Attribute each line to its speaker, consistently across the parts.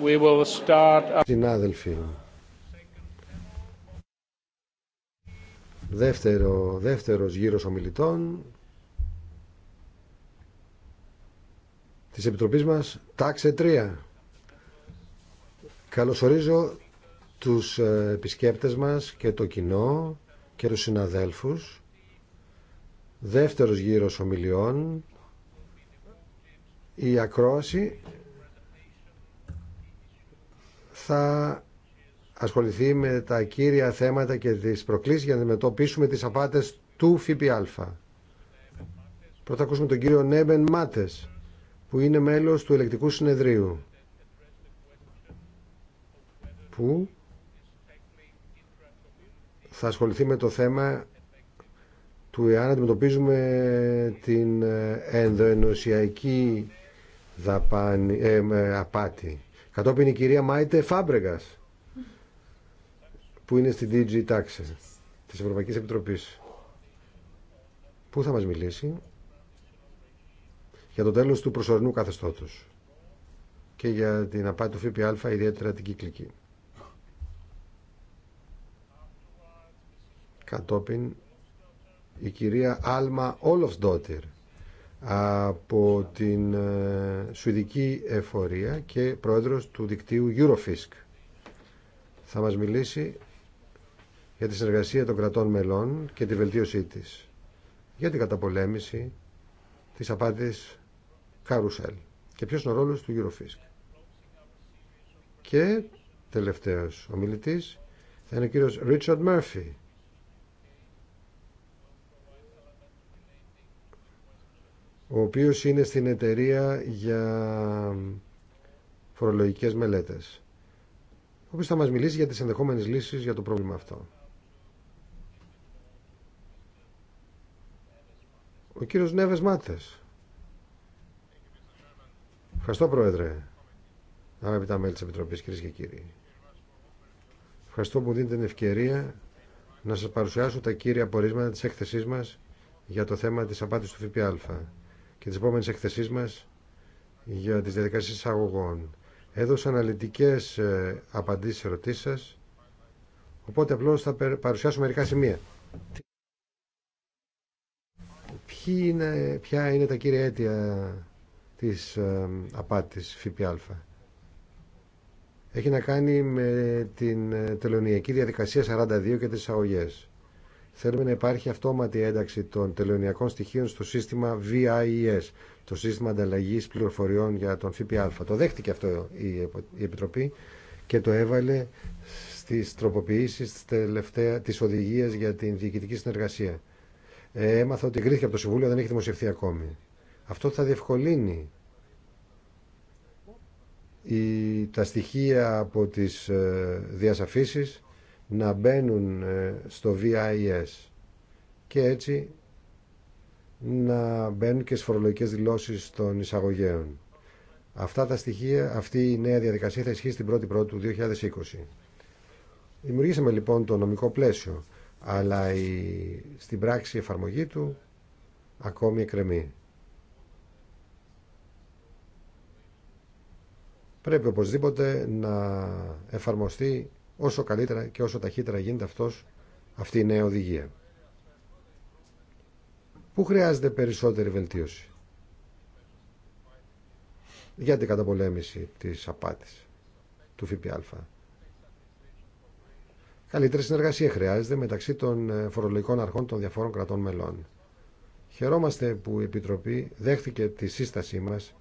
Speaker 1: We will start... Συνάδελφοι, δεύτερο, δεύτερος γύρος ομιλητών της Επιτροπής μας, τάξε 3. Καλωσορίζω τους ε, επισκέπτες μας και το κοινό και τους συναδέλφους. Δεύτερος γύρος ομιλιών. Η ακρόαση θα ασχοληθεί με τα κύρια θέματα και τις προκλήσεις για να αντιμετωπίσουμε τις απάτες του ΦΠΑ. Πρώτα ακούσουμε τον κύριο Νέμπεν Μάτες, που είναι μέλος του Ελεκτικού Συνεδρίου, που θα ασχοληθεί με το θέμα του εάν αντιμετωπίζουμε την ενδοενωσιακή δαπάνη, ε, απάτη. Κατόπιν η κυρία Μάιτε Φάμπρεγα, που είναι στην DG Taxe της Ευρωπαϊκής Επιτροπής που θα μας μιλήσει για το τέλος του προσωρινού καθεστώτος και για την απάτη του ΦΠΑ ιδιαίτερα την κυκλική. Κατόπιν η κυρία Άλμα Ντότυρ, από την ε, Σουηδική Εφορία και πρόεδρος του δικτύου Eurofisk. Θα μας μιλήσει για τη συνεργασία των κρατών μελών και τη βελτίωσή της, για την καταπολέμηση της απάτης Καρουσέλ και ποιος είναι ο ρόλος του Eurofisk. Και τελευταίος ομιλητής θα είναι ο κύριος Richard Murphy, ο οποίος είναι στην εταιρεία για φορολογικές μελέτες, ο οποίος θα μας μιλήσει για τις ενδεχόμενες λύσεις για το πρόβλημα αυτό. Ο κύριος Νέβες Μάτες. Ευχαριστώ, Πρόεδρε, αγαπητά μέλη της Επιτροπής, κυρίε και κύριοι. Ευχαριστώ που δίνετε την ευκαιρία να σας παρουσιάσω τα κύρια πορίσματα της έκθεσής μας για το θέμα της απάτης του ΦΠΑ και τις επόμενες εκθεσίες μας για τις διαδικασίες αγωγών. Έδωσα αναλυτικές ε, απαντήσεις σε ερωτήσεις σας, οπότε απλώς θα παρουσιάσω μερικά σημεία. είναι, ποια είναι τα κύρια αίτια της ε, απάτης ΦΠΑ. Έχει να κάνει με την ε, τελωνιακή διαδικασία 42 και τις εισαγωγές. Θέλουμε να υπάρχει αυτόματη ένταξη των τελωνιακών στοιχείων στο σύστημα VIES, το σύστημα ανταλλαγή πληροφοριών για τον ΦΠΑ. Το δέχτηκε αυτό η Επιτροπή και το έβαλε στις τροποποιήσεις της οδηγίας για την διοικητική συνεργασία. Ε, έμαθα ότι εγκρίθηκε από το Συμβούλιο, δεν έχει δημοσιευθεί ακόμη. Αυτό θα διευκολύνει τα στοιχεία από τις ε, διασαφήσεις να μπαίνουν ε, στο VIS και έτσι να μπαίνουν και στις φορολογικές δηλώσεις των εισαγωγέων. Αυτά τα στοιχεία, αυτή η νέα διαδικασία θα ισχύσει την 1η του 2020. Δημιουργήσαμε λοιπόν το νομικό πλαίσιο, αλλά η, στην πράξη εφαρμογή του ακόμη εκκρεμεί. Πρέπει οπωσδήποτε να εφαρμοστεί όσο καλύτερα και όσο ταχύτερα γίνεται αυτός, αυτή η νέα οδηγία. Πού χρειάζεται περισσότερη βελτίωση για την καταπολέμηση της απάτης του ΦΠΑ. Καλύτερη συνεργασία χρειάζεται μεταξύ των ε, φορολογικών αρχών των διαφόρων κρατών μελών. Χαιρόμαστε που η Επιτροπή δέχθηκε τη σύστασή μας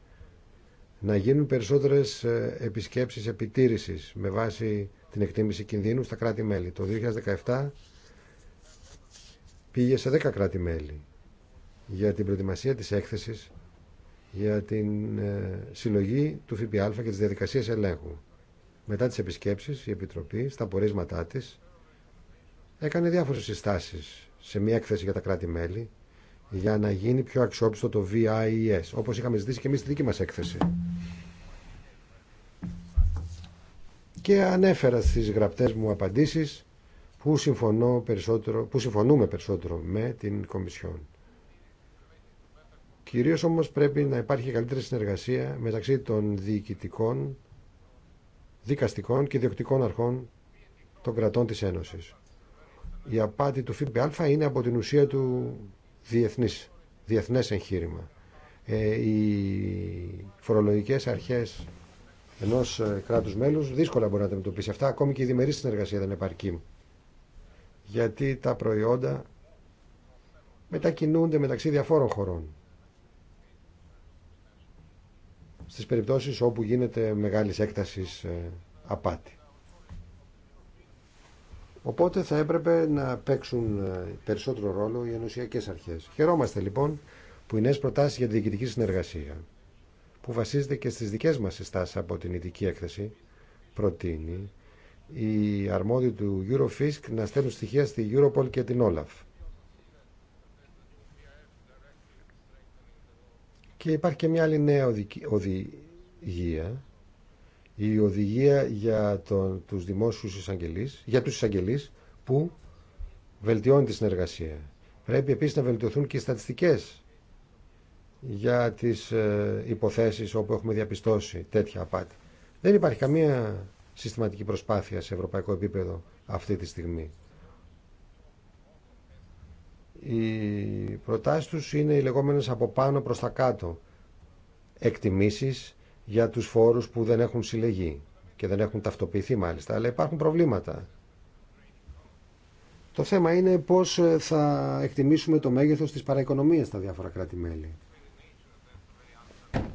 Speaker 1: να γίνουν περισσότερες ε, επισκέψεις επιτήρησης με βάση την εκτίμηση κινδύνου στα κράτη-μέλη. Το 2017 πήγε σε 10 κράτη-μέλη για την προετοιμασία της έκθεσης για την ε, συλλογή του ΦΠΑ και τις διαδικασίες ελέγχου. Μετά τις επισκέψεις, η Επιτροπή, στα πορίσματά της, έκανε διάφορες συστάσεις σε μια έκθεση για τα κράτη-μέλη για να γίνει πιο αξιόπιστο το VIES, όπως είχαμε ζητήσει και εμείς στη δική μας έκθεση. και ανέφερα στις γραπτές μου απαντήσεις που, συμφωνώ περισσότερο, που συμφωνούμε περισσότερο με την Κομισιόν. Κυρίως όμως πρέπει να υπάρχει καλύτερη συνεργασία μεταξύ των διοικητικών, δικαστικών και διοκτικών αρχών των κρατών της Ένωσης. Η απάτη του ΦΠΑ είναι από την ουσία του διεθνής, διεθνές εγχείρημα. Ε, οι φορολογικές αρχές ενό ε, κράτου μέλου δύσκολα μπορεί να αντιμετωπίσει αυτά. Ακόμη και η διμερή συνεργασία δεν επαρκεί. Γιατί τα προϊόντα μετακινούνται μεταξύ διαφόρων χωρών. Στις περιπτώσεις όπου γίνεται μεγάλης έκτασης ε, απάτη. Οπότε θα έπρεπε να παίξουν ε, περισσότερο ρόλο οι ενωσιακές αρχές. Χαιρόμαστε λοιπόν που οι νέες προτάσεις για τη διοικητική συνεργασία που βασίζεται και στις δικές μας συστάσεις από την ειδική έκθεση, προτείνει οι αρμόδιοι του Eurofisk να στέλνουν στοιχεία στη Europol και την Olaf. Και υπάρχει και μια άλλη νέα οδηγία, η οδηγία για τον, τους δημόσιους εισαγγελείς, για τους εισαγγελείς που βελτιώνει τη συνεργασία. Πρέπει επίσης να βελτιωθούν και οι στατιστικές για τις ε, υποθέσεις όπου έχουμε διαπιστώσει τέτοια απάτη. Δεν υπάρχει καμία συστηματική προσπάθεια σε ευρωπαϊκό επίπεδο αυτή τη στιγμή. Οι προτάσεις τους είναι οι λεγόμενες από πάνω προς τα κάτω εκτιμήσεις για τους φόρους που δεν έχουν συλλεγεί και δεν έχουν ταυτοποιηθεί μάλιστα, αλλά υπάρχουν προβλήματα. Το θέμα είναι πώς ε, θα εκτιμήσουμε το μέγεθος της παραοικονομίας στα διάφορα κράτη-μέλη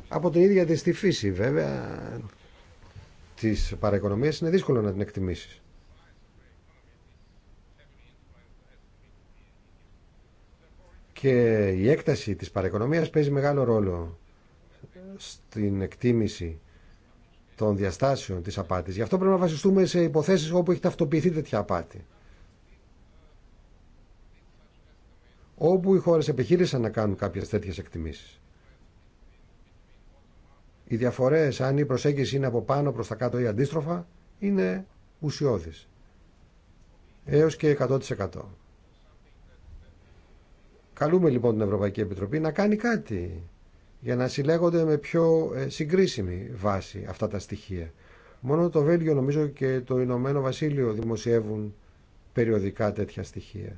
Speaker 1: από την ίδια της τη φύση βέβαια της παραοικονομίας είναι δύσκολο να την εκτιμήσεις. Και η έκταση της παραοικονομίας παίζει μεγάλο ρόλο στην εκτίμηση των διαστάσεων της απάτης. Γι' αυτό πρέπει να βασιστούμε σε υποθέσεις όπου έχει ταυτοποιηθεί τέτοια απάτη. Όπου οι χώρες επιχείρησαν να κάνουν κάποιες τέτοιες εκτιμήσεις. Οι διαφορέ αν η προσέγγιση είναι από πάνω προς τα κάτω ή αντίστροφα, είναι ουσιώδει. Έω και 100%. Καλούμε λοιπόν την Ευρωπαϊκή Επιτροπή να κάνει κάτι για να συλλέγονται με πιο ε, συγκρίσιμη βάση αυτά τα στοιχεία. Μόνο το Βέλγιο νομίζω και το Ηνωμένο Βασίλειο δημοσιεύουν περιοδικά τέτοια στοιχεία.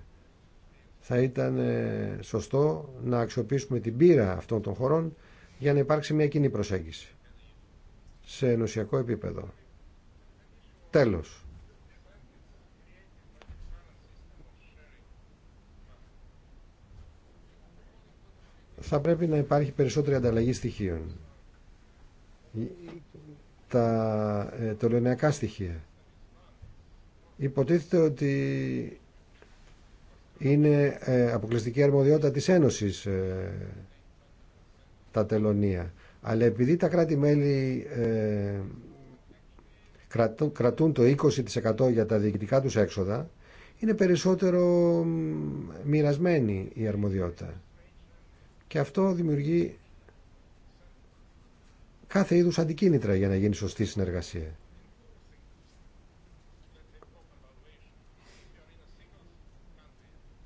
Speaker 1: Θα ήταν ε, σωστό να αξιοποιήσουμε την πείρα αυτών των χωρών για να υπάρξει μια κοινή προσέγγιση σε ενωσιακό επίπεδο. Τέλος. Θα πρέπει να υπάρχει περισσότερη ανταλλαγή στοιχείων. Τα ε, στοιχεία. Υποτίθεται ότι είναι ε, αποκλειστική αρμοδιότητα της Ένωσης ε, τα τελωνία. Αλλά επειδή τα κράτη-μέλη ε, κρατούν, το 20% για τα διοικητικά τους έξοδα, είναι περισσότερο μοιρασμένη η αρμοδιότητα. Και αυτό δημιουργεί κάθε είδους αντικίνητρα για να γίνει σωστή συνεργασία.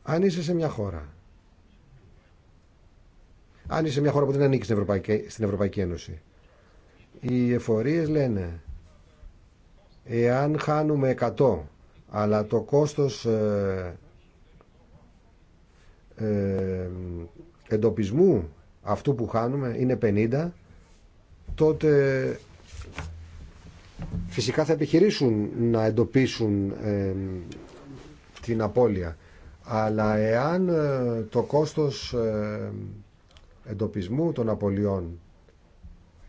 Speaker 1: Αν είσαι σε μια χώρα αν είσαι μια χώρα που δεν ανήκει στην Ευρωπαϊκή, στην Ευρωπαϊκή Ένωση. Οι εφορίες λένε εάν χάνουμε 100 αλλά το κόστος ε, ε, εντοπισμού αυτού που χάνουμε είναι 50 τότε φυσικά θα επιχειρήσουν να εντοπίσουν ε, την απώλεια αλλά εάν ε, το κόστος εντοπισμού των απολειών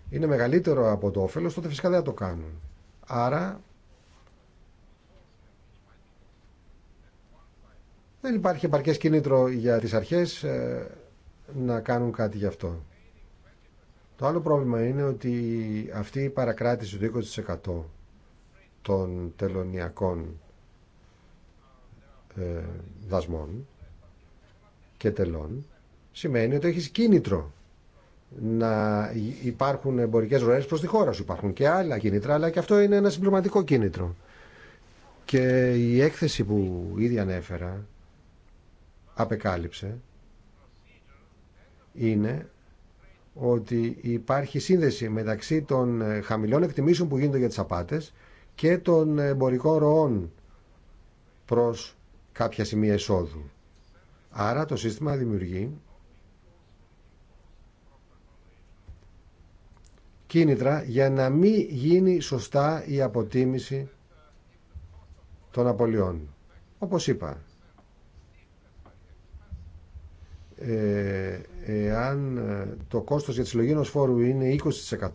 Speaker 1: είναι μεγαλύτερο από το όφελος, τότε φυσικά δεν θα το κάνουν. Άρα δεν υπάρχει επαρκές κίνητρο για τις αρχές ε, να κάνουν κάτι γι' αυτό. Το άλλο πρόβλημα είναι ότι αυτή η παρακράτηση του 20% των τελωνιακών ε, δασμών και τελών σημαίνει ότι έχεις κίνητρο να υπάρχουν εμπορικές ροές προς τη χώρα σου. Υπάρχουν και άλλα κίνητρα, αλλά και αυτό είναι ένα συμπληρωματικό κίνητρο. Και η έκθεση που ήδη ανέφερα, απεκάλυψε, είναι ότι υπάρχει σύνδεση μεταξύ των χαμηλών εκτιμήσεων που γίνονται για τις απάτες και των εμπορικών ροών προς κάποια σημεία εισόδου. Άρα το σύστημα δημιουργεί κίνητρα για να μην γίνει σωστά η αποτίμηση των απολειών. Όπως είπα, ε, εάν ε, το κόστος για τη συλλογή ενός φόρου είναι 20%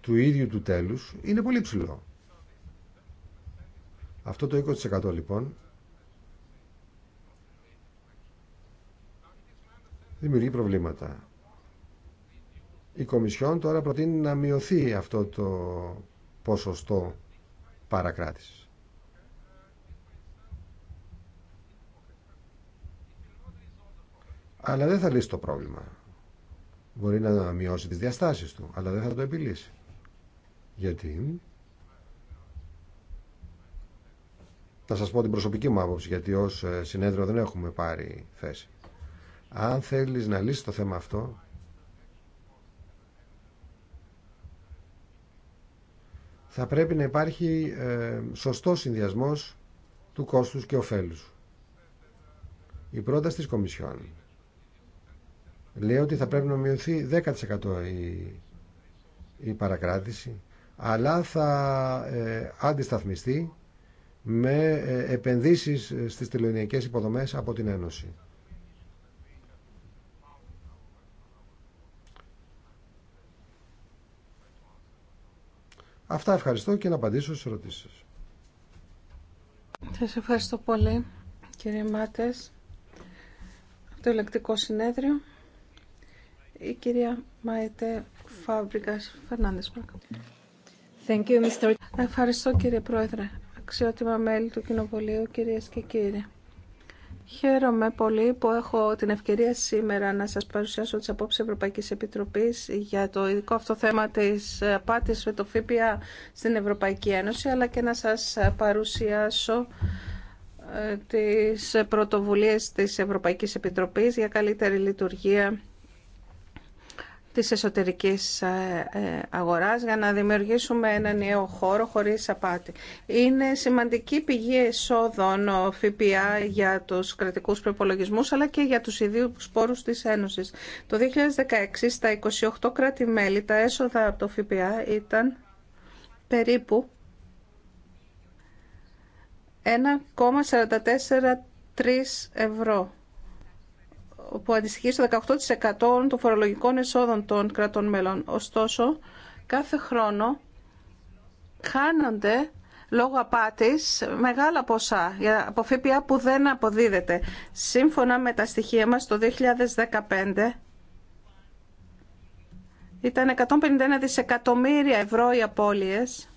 Speaker 1: του ίδιου του τέλους, είναι πολύ ψηλό. Αυτό το 20% λοιπόν δημιουργεί προβλήματα. Η Κομισιόν τώρα προτείνει να μειωθεί αυτό το ποσοστό παρακράτησης. Αλλά δεν θα λύσει το πρόβλημα. Μπορεί να μειώσει τις διαστάσεις του, αλλά δεν θα το επιλύσει. Γιατί... Θα σας πω την προσωπική μου άποψη, γιατί ως ε, συνέδριο δεν έχουμε πάρει θέση. Αν θέλεις να λύσεις το θέμα αυτό, θα πρέπει να υπάρχει ε, σωστός συνδυασμός του κόστους και ωφέλους. Η πρόταση της Κομισιόν λέει ότι θα πρέπει να μειωθεί 10% η, η παρακράτηση, αλλά θα ε, αντισταθμιστεί με ε, επενδύσεις στις τελωνειακές υποδομές από την Ένωση. Αυτά ευχαριστώ και να απαντήσω στις ερωτήσεις.
Speaker 2: Σας ευχαριστώ πολύ κύριε Μάτες από το ελεκτικό συνέδριο. Η κυρία Μάιτε Φάβρικας Φερνάνδης. Thank you, Mr. Ευχαριστώ κύριε Πρόεδρε, αξιότιμα μέλη του Κοινοβουλίου, κυρίες και κύριοι. Χαίρομαι πολύ που έχω την ευκαιρία σήμερα να σας παρουσιάσω τις απόψεις Ευρωπαϊκής Επιτροπής για το ειδικό αυτό θέμα της απάτης με το ΦΠΑ στην Ευρωπαϊκή Ένωση, αλλά και να σας παρουσιάσω ε, τις πρωτοβουλίες της Ευρωπαϊκής Επιτροπής για καλύτερη λειτουργία της εσωτερικής ε, ε, αγοράς για να δημιουργήσουμε ένα νέο χώρο χωρίς απάτη. Είναι σημαντική πηγή εσόδων ο ΦΠΑ για τους κρατικούς προπολογισμού, αλλά και για τους ιδίους πόρους της Ένωσης. Το 2016 στα 28 κράτη-μέλη τα έσοδα από το ΦΠΑ ήταν περίπου 1,443 ευρώ που αντιστοιχεί στο 18% των φορολογικών εσόδων των κρατών μέλων. Ωστόσο, κάθε χρόνο χάνονται λόγω απάτης μεγάλα ποσά για αποφύπια που δεν αποδίδεται. Σύμφωνα με τα στοιχεία μας, το 2015 ήταν 151 δισεκατομμύρια ευρώ οι απώλειες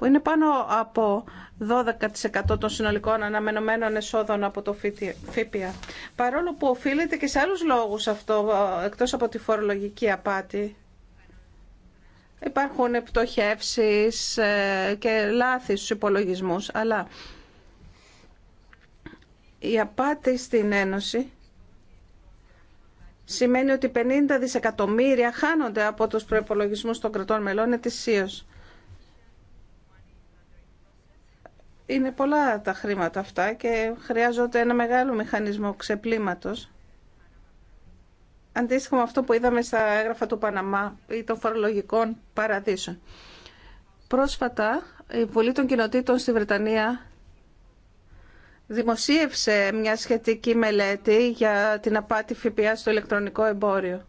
Speaker 2: που είναι πάνω από 12% των συνολικών αναμενωμένων εσόδων από το ΦΠΑ. Παρόλο που οφείλεται και σε άλλους λόγους αυτό, εκτός από τη φορολογική απάτη. Υπάρχουν πτωχεύσεις ε, και λάθη στους υπολογισμούς, αλλά η απάτη στην Ένωση σημαίνει ότι 50 δισεκατομμύρια χάνονται από τους προϋπολογισμούς των κρατών μελών ετησίως. Είναι πολλά τα χρήματα αυτά και χρειάζονται ένα μεγάλο μηχανισμό ξεπλήματος. Αντίστοιχο με αυτό που είδαμε στα έγγραφα του Παναμά ή των φορολογικών παραδείσων. Πρόσφατα η Βουλή των Κοινοτήτων στη Βρετανία δημοσίευσε μια σχετική μελέτη για την απάτη ΦΠΑ στο ηλεκτρονικό εμπόριο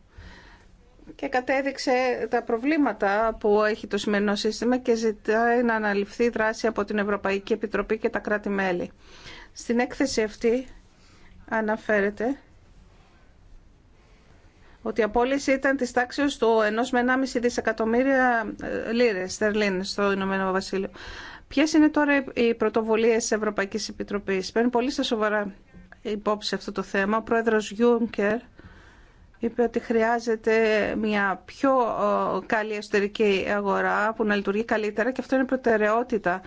Speaker 2: και κατέδειξε τα προβλήματα που έχει το σημερινό σύστημα και ζητάει να αναλυφθεί δράση από την Ευρωπαϊκή Επιτροπή και τα κράτη-μέλη. Στην έκθεση αυτή αναφέρεται ότι η απόλυση ήταν της τάξης του 1 με 1,5 δισεκατομμύρια ε, λίρες στερλίν στο Ηνωμένο Βασίλειο. Ποιε είναι τώρα οι πρωτοβουλίε της Ευρωπαϊκής Επιτροπής. Παίρνει πολύ στα σοβαρά υπόψη αυτό το θέμα. Ο πρόεδρο Γιούνκερ είπε ότι χρειάζεται μια πιο καλή εσωτερική αγορά που να λειτουργεί καλύτερα και αυτό είναι προτεραιότητα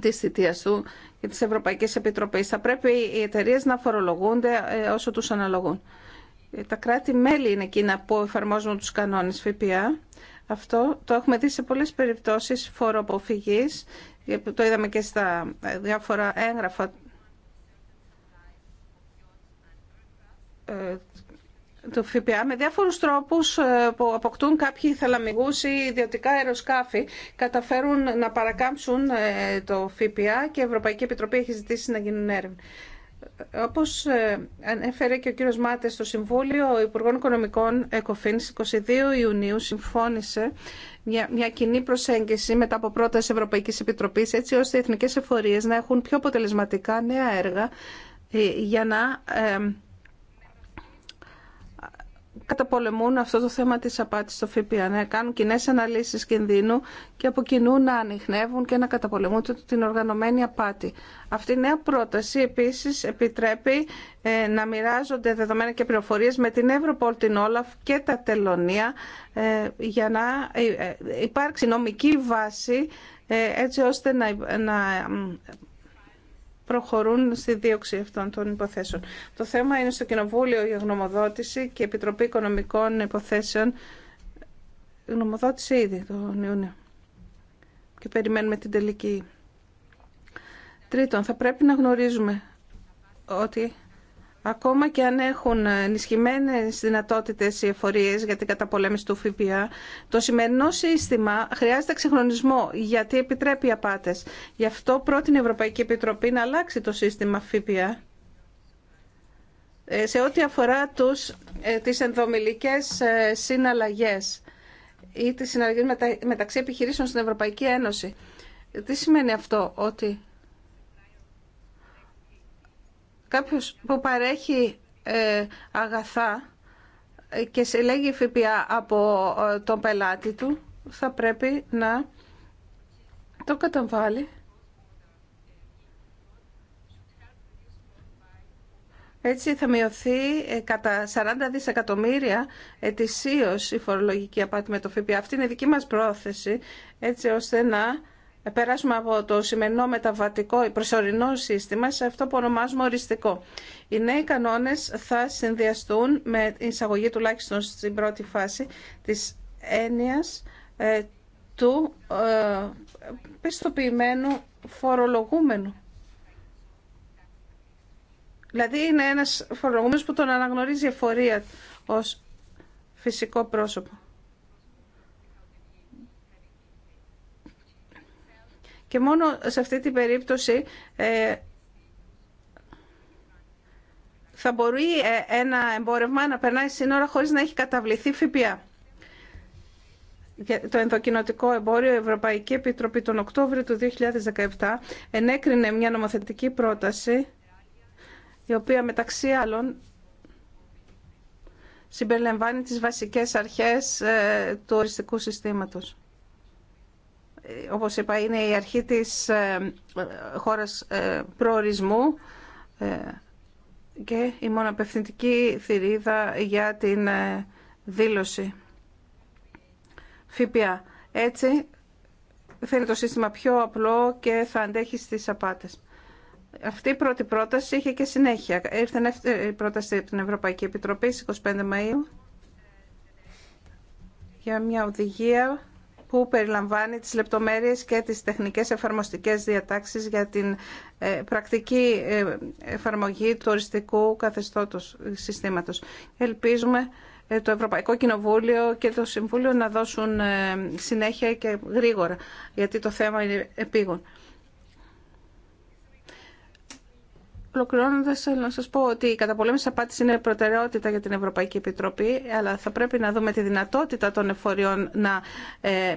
Speaker 2: της θητείας του και της Ευρωπαϊκής Επιτροπής. Θα πρέπει οι εταιρείε να φορολογούνται ε, όσο τους αναλογούν. Τα κράτη-μέλη είναι εκείνα που εφαρμόζουν τους κανόνες ΦΠΑ. Αυτό το έχουμε δει σε πολλές περιπτώσεις φοροποφυγής. Ε, το είδαμε και στα διάφορα έγγραφα ε, το ΦΠΑ με διάφορους τρόπους ε, που αποκτούν κάποιοι θαλαμιγούς ή ιδιωτικά αεροσκάφη καταφέρουν να παρακάμψουν ε, το ΦΠΑ και η Ευρωπαϊκή Επιτροπή έχει ζητήσει να γίνουν έρευνα. Όπως ε, ανέφερε και ο κύριος μάτε στο Συμβούλιο, ο Υπουργών Οικονομικών ΕΚΟΦΗΝ 22 Ιουνίου συμφώνησε μια, μια κοινή προσέγγιση μετά από πρόταση Ευρωπαϊκής Επιτροπής έτσι ώστε οι εθνικές εφορίε, να έχουν πιο αποτελεσματικά νέα έργα για να καταπολεμούν αυτό το θέμα της απάτης στο ΦΠΑ, να κάνουν κοινέ αναλύσεις κινδύνου και από κοινού να ανοιχνεύουν και να καταπολεμούν την οργανωμένη απάτη. Αυτή η νέα πρόταση επίσης επιτρέπει ε, να μοιράζονται δεδομένα και πληροφορίες με την Ευρωπόλ, την Όλαφ και τα τελωνία ε, για να ε, υπάρξει νομική βάση έτσι ώστε να προχωρούν στη δίωξη αυτών των υποθέσεων. Το θέμα είναι στο Κοινοβούλιο για γνωμοδότηση και Επιτροπή Οικονομικών Υποθέσεων γνωμοδότησε ήδη τον Ιούνιο και περιμένουμε την τελική. Τρίτον, θα πρέπει να γνωρίζουμε ότι Ακόμα και αν έχουν ενισχυμένε δυνατότητε οι εφορίε για την καταπολέμηση του ΦΠΑ, το σημερινό σύστημα χρειάζεται ξεχρονισμό γιατί επιτρέπει απάτε. Γι' αυτό πρότεινε η Ευρωπαϊκή Επιτροπή να αλλάξει το σύστημα ΦΠΑ ε, σε ό,τι αφορά τους, ε, τις ενδομιλικές ε, συναλλαγές ή τις συναλλαγές μεταξύ επιχειρήσεων στην Ευρωπαϊκή Ένωση. Τι σημαίνει αυτό, ότι Κάποιος που παρέχει ε, αγαθά και συλλέγει ΦΠΑ από ε, τον πελάτη του θα πρέπει να το καταβάλει. Έτσι θα μειωθεί ε, κατά 40 δισεκατομμύρια ετησίως η φορολογική απάτη με το ΦΠΑ. Αυτή είναι η δική μας πρόθεση, έτσι ώστε να ε, περάσουμε από το σημερινό μεταβατικό προσωρινό σύστημα σε αυτό που ονομάζουμε οριστικό. Οι νέοι κανόνες θα συνδυαστούν με εισαγωγή τουλάχιστον στην πρώτη φάση της έννοιας ε, του ε, πιστοποιημένου φορολογούμενου. Δηλαδή είναι ένας φορολογούμενος που τον αναγνωρίζει η εφορία ως φυσικό πρόσωπο. Και μόνο σε αυτή την περίπτωση ε, θα μπορεί ε, ένα εμπόρευμα να περνάει σύνορα χωρίς να έχει καταβληθεί ΦΠΑ. Το ενδοκινοτικό εμπόριο, η Ευρωπαϊκή Επιτροπή τον Οκτώβριο του 2017 ενέκρινε μια νομοθετική πρόταση η οποία μεταξύ άλλων συμπεριλαμβάνει τις βασικές αρχές ε, του οριστικού συστήματος όπως είπα, είναι η αρχή της ε, χώρας ε, προορισμού ε, και η μοναπευθυντική θηρίδα για την δήλωση ΦΠΑ. Έτσι θα το σύστημα πιο απλό και θα αντέχει στις απάτες. Αυτή η πρώτη πρόταση είχε και συνέχεια. Ήρθε η πρόταση από την Ευρωπαϊκή Επιτροπή στις 25 Μαΐου για μια οδηγία που περιλαμβάνει τις λεπτομέρειες και τις τεχνικές εφαρμοστικές διατάξεις για την ε, πρακτική ε, εφαρμογή του οριστικού καθεστώτος ε, συστήματος. Ελπίζουμε το Ευρωπαϊκό Κοινοβούλιο και το Συμβούλιο να δώσουν συνέχεια και γρήγορα, γιατί το θέμα είναι επίγον. Ολοκληρώνοντα, θέλω να σα πω ότι η καταπολέμηση απάτη είναι προτεραιότητα για την Ευρωπαϊκή Επιτροπή, αλλά θα πρέπει να δούμε τη δυνατότητα των εφοριών να ε,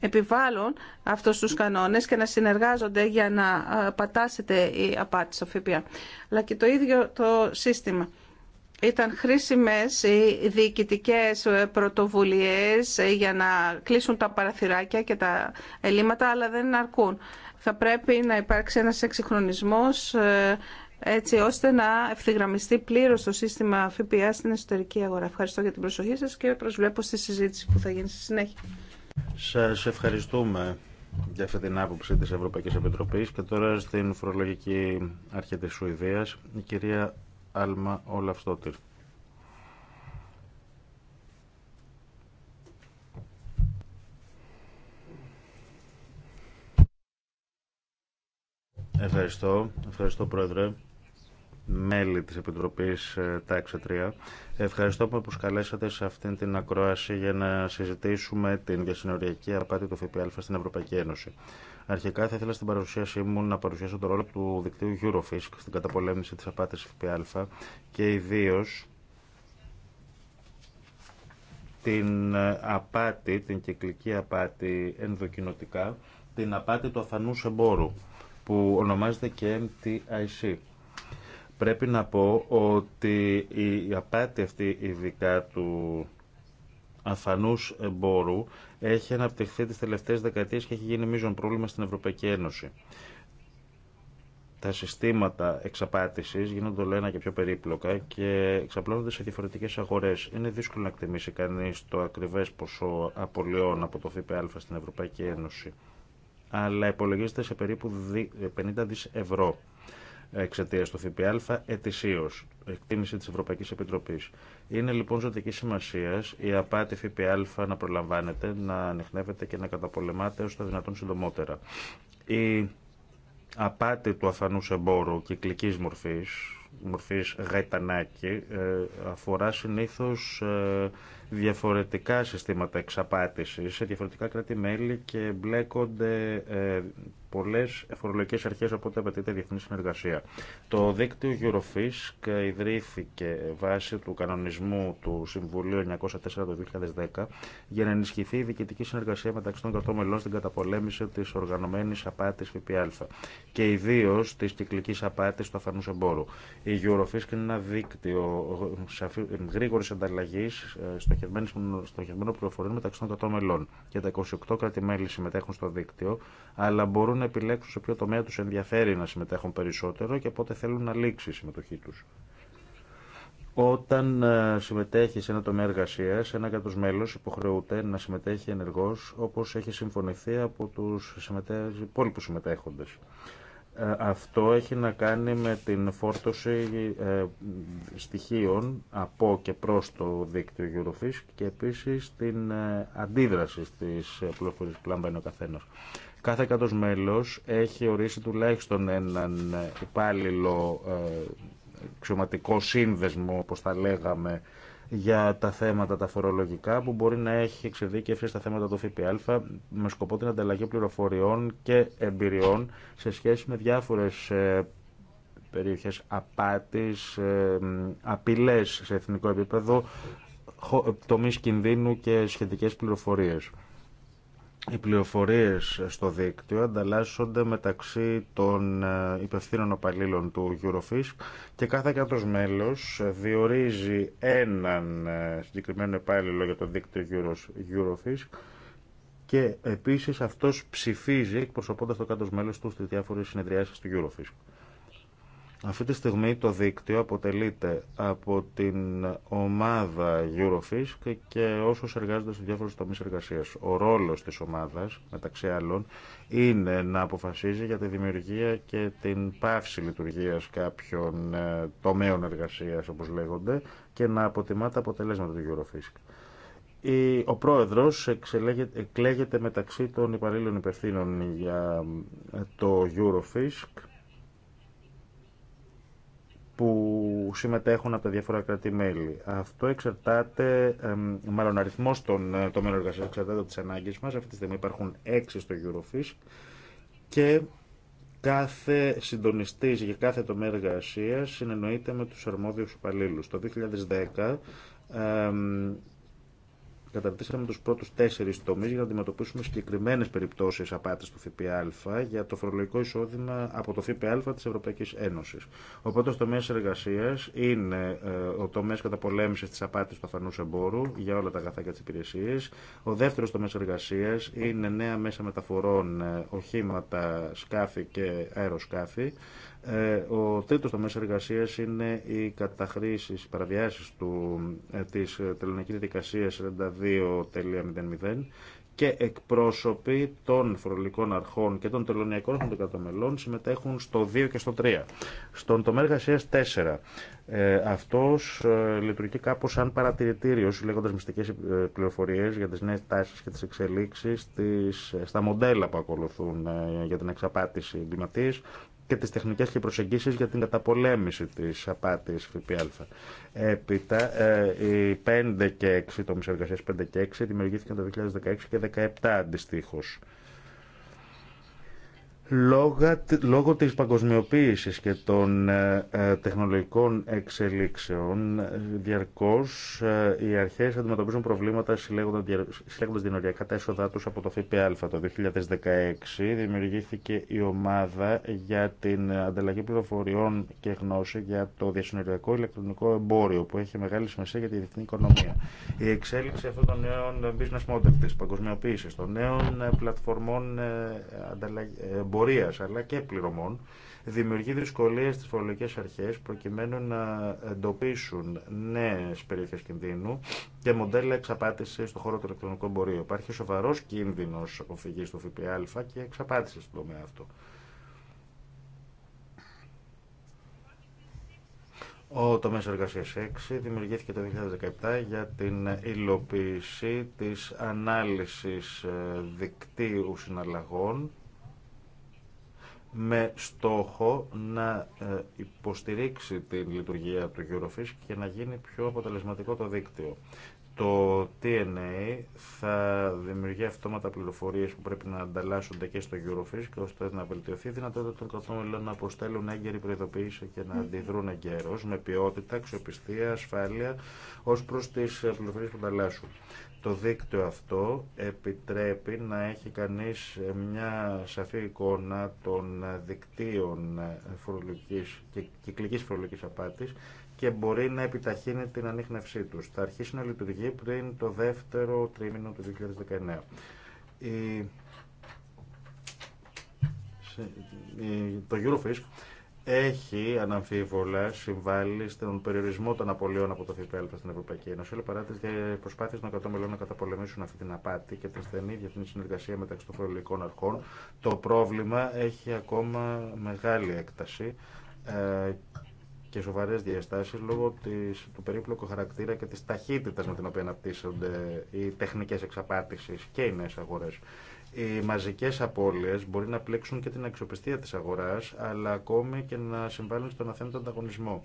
Speaker 2: επιβάλλουν αυτού του κανόνε και να συνεργάζονται για να ε, πατάσετε η απάτη στο ΦΠΑ. Αλλά και το ίδιο το σύστημα. Ήταν χρήσιμες οι διοικητικές ε, πρωτοβουλίες για να κλείσουν τα παραθυράκια και τα ελλείμματα, αλλά δεν αρκούν. Θα πρέπει να υπάρξει ένας εξυγχρονισμός έτσι ώστε να ευθυγραμμιστεί πλήρως το σύστημα ΦΠΑ στην εσωτερική αγορά. Ευχαριστώ για την προσοχή σας και προσβλέπω στη συζήτηση που θα γίνει στη συνέχεια.
Speaker 3: Σα ευχαριστούμε για αυτή την άποψη τη Ευρωπαϊκή Επιτροπή και τώρα στην φορολογική αρχή τη Σουηδία, η κυρία Άλμα Ολαυστότηρ. Ευχαριστώ. Ευχαριστώ, Πρόεδρε μέλη της Επιτροπής ε, τα 3. Ευχαριστώ που καλέσατε σε αυτήν την ακρόαση για να συζητήσουμε την διασυνοριακή απάτη του ΦΠΑ στην Ευρωπαϊκή Ένωση. Αρχικά θα ήθελα στην παρουσίασή μου να παρουσιάσω τον ρόλο του δικτύου Eurofisk στην καταπολέμηση της απάτης ΦΠΑ και ιδίω την ε, απάτη, την κυκλική απάτη ενδοκινοτικά, την απάτη του αθανούς εμπόρου που ονομάζεται και MTIC Πρέπει να πω ότι η απάτη αυτή ειδικά του αφανούς εμπόρου έχει αναπτυχθεί τις τελευταίες δεκαετίες και έχει γίνει μείζον πρόβλημα στην Ευρωπαϊκή Ένωση. Τα συστήματα εξαπάτησης γίνονται ολένα και πιο περίπλοκα και εξαπλώνονται σε διαφορετικές αγορές. Είναι δύσκολο να εκτιμήσει κανείς το ακριβέ ποσό απολειών από το ΦΠΑ στην Ευρωπαϊκή Ένωση αλλά υπολογίζεται σε περίπου 50 δις ευρώ εξαιτία του ΦΠΑ ετησίω. Εκτίμηση τη Ευρωπαϊκή Επιτροπή. Είναι λοιπόν ζωτική σημασία η απάτη ΦΠΑ να προλαμβάνεται, να ανοιχνεύεται και να καταπολεμάται όσο το δυνατόν συντομότερα. Η απάτη του αφανού εμπόρου κυκλικής μορφή, μορφής ε, αφορά συνήθως ε, διαφορετικά συστήματα εξαπάτησης σε διαφορετικά κράτη-μέλη και μπλέκονται ε, πολλές φορολογικές αρχές από απαιτείται διεθνή συνεργασία. Το δίκτυο Eurofisk ιδρύθηκε βάσει του κανονισμού του Συμβουλίου 904 το 2010 για να ενισχυθεί η διοικητική συνεργασία μεταξύ των κρατών μελών στην καταπολέμηση της οργανωμένης απάτης ΦΠΑ και ιδίω της κυκλικής απάτης του αφανούς εμπόρου. Η Eurofisk είναι ένα δίκτυο γρήγορη ανταλλαγή ε, στο στοχευμένο πληροφοριών μεταξύ των 100 μελών. Και τα 28 κράτη-μέλη συμμετέχουν στο δίκτυο, αλλά μπορούν να επιλέξουν σε ποιο τομέα του ενδιαφέρει να συμμετέχουν περισσότερο και πότε θέλουν να λήξει η συμμετοχή του. Όταν ε, συμμετέχει σε ένα τομέα εργασία, ένα κράτο μέλο υποχρεούται να συμμετέχει ενεργώ όπω έχει συμφωνηθεί από του υπόλοιπου συμμετέχοντε. Ε, αυτό έχει να κάνει με την φόρτωση ε, στοιχείων από και προς το δίκτυο Eurofisk και επίσης την ε, αντίδραση της πληροφορίες που λαμβάνει ο καθένας. Κάθε κάτω μέλος έχει ορίσει τουλάχιστον έναν υπάλληλο αξιωματικό σύνδεσμο, όπως θα λέγαμε, για τα θέματα τα φορολογικά που μπορεί να έχει εξειδίκευση στα θέματα του ΦΠΑ με σκοπό την ανταλλαγή πληροφοριών και εμπειριών σε σχέση με διάφορες ε, περιοχές απάτης, ε, απειλές σε εθνικό επίπεδο, ε, τομείς κινδύνου και σχετικές πληροφορίες οι πληροφορίες στο δίκτυο ανταλλάσσονται μεταξύ των ε, υπευθύνων οπαλλήλων του Eurofisk και κάθε κράτος μέλος διορίζει έναν ε, συγκεκριμένο υπάλληλο για το δίκτυο Eurofisk και επίσης αυτός ψηφίζει εκπροσωπώντας το κράτος μέλος του στις διάφορες συνεδριάσεις του Eurofisk. Αυτή τη στιγμή το δίκτυο αποτελείται από την ομάδα Eurofisk και όσου εργάζονται σε διάφορους τομείς εργασία. Ο ρόλος της ομάδας, μεταξύ άλλων, είναι να αποφασίζει για τη δημιουργία και την πάυση λειτουργίας κάποιων ε, τομέων εργασία όπως λέγονται, και να αποτιμά τα αποτελέσματα του Eurofisk. Ο πρόεδρος εκλέγεται μεταξύ των υπαλλήλων υπευθύνων για ε, το Eurofisk που συμμετέχουν από τα διάφορα κράτη-μέλη. Αυτό εξαρτάται, μάλλον αριθμό των ε, τομέων εργασία εξαρτάται από τι ανάγκε μα. Αυτή τη στιγμή υπάρχουν έξι στο Eurofish και κάθε συντονιστή για κάθε τομέα εργασία συνεννοείται με του αρμόδιου υπαλλήλου. Το 2010 καταρτήσαμε τους πρώτους τέσσερι τομείς για να αντιμετωπίσουμε συγκεκριμένε περιπτώσεις απάτη του ΦΠΑ για το φορολογικό εισόδημα από το ΦΠΑ της Ευρωπαϊκής Ένωσης. Ο πρώτος τομέας εργασίας είναι ε, ο τομέας καταπολέμησης τη απάτη του αφανούς εμπόρου για όλα τα αγαθά και τι υπηρεσίε. Ο δεύτερος τομέα εργασία είναι νέα μέσα μεταφορών, ε, οχήματα, σκάφη και αεροσκάφη. Ε, ο τρίτο τομέα εργασία είναι οι καταχρήσει, οι παραβιάσει του, ε, της τελωνικής δικασίας 42.00 και εκπρόσωποι των φορολογικών αρχών και των τελωνιακών αρχών των κατομελών συμμετέχουν στο 2 και στο 3. Στον τομέα εργασία 4. Ε, Αυτό ε, λειτουργεί κάπω σαν παρατηρητήριο, λέγοντα μυστικέ ε, πληροφορίε για τι νέε τάσει και τι εξελίξει στα μοντέλα που ακολουθούν για την εξαπάτηση εγκληματίε και τις τεχνικές και προσεγγίσεις για την καταπολέμηση της απάτης ΦΠΑ. Έπειτα, ε, οι 5 και 6 μισό 5 και 6, δημιουργήθηκαν το 2016 και 2017 αντιστοίχως. Λόγω της παγκοσμιοποίησης και των ε, ε, τεχνολογικών εξελίξεων, ε, διαρκώς οι αρχές αντιμετωπίζουν προβλήματα συλλέγοντας δινοριακά τα έσοδά τους από το ΦΠΑ. Το 2016 δημιουργήθηκε η ομάδα για την ανταλλαγή πληροφοριών και γνώση για το διασυνοριακό ηλεκτρονικό εμπόριο, που έχει μεγάλη σημασία για τη διεθνή οικονομία. Η εξέλιξη αυτών των νέων business model της παγκοσμιοποίησης, των νέων πλατφορμών εμπόριου, αλλά και πληρωμών δημιουργεί δυσκολίε στι φορολογικέ αρχέ προκειμένου να εντοπίσουν νέε περιοχέ κινδύνου και μοντέλα εξαπάτηση στον χώρο του ηλεκτρονικού εμπορίου. Υπάρχει σοβαρό κίνδυνο οφηγή του ΦΠΑ και εξαπάτηση στον τομέα αυτό. Ο τομέα εργασία 6 δημιουργήθηκε το 2017 για την υλοποίηση της ανάλυσης ε, δικτύου συναλλαγών με στόχο να ε, υποστηρίξει την λειτουργία του Eurofish και να γίνει πιο αποτελεσματικό το δίκτυο. Το TNA θα δημιουργεί αυτόματα πληροφορίε που πρέπει να ανταλλάσσονται και στο Eurofish και ώστε να βελτιωθεί η δυνατότητα των κρατών να αποστέλουν έγκαιρη προειδοποίηση και να αντιδρούν εγκαίρω με ποιότητα, αξιοπιστία, ασφάλεια ω προ τι πληροφορίε που ανταλλάσσουν. Το δίκτυο αυτό επιτρέπει να έχει κανείς μια σαφή εικόνα των δικτύων φορολογικής κυκλικής φορολογικής απάτης και μπορεί να επιταχύνει την ανείχνευσή τους. Θα αρχίσει να λειτουργεί πριν το δεύτερο τρίμηνο του 2019. Το Eurofisk έχει αναμφίβολα συμβάλει στον περιορισμό των απολειών από το ΦΠΑ στην Ευρωπαϊκή Ένωση, αλλά παρά τι προσπάθειε των 100 μελών να καταπολεμήσουν αυτή την απάτη και τη στενή διεθνή συνεργασία μεταξύ των φορολογικών αρχών, το πρόβλημα έχει ακόμα μεγάλη έκταση ε, και σοβαρέ διαστάσει λόγω της, του περίπλοκου χαρακτήρα και τη ταχύτητα με την οποία αναπτύσσονται οι τεχνικέ εξαπάτηση και οι νέε αγορέ. Οι μαζικές απώλειες μπορεί να πλέξουν και την αξιοπιστία της αγοράς, αλλά ακόμη και να συμβάλλουν στον αθέμητο ανταγωνισμό.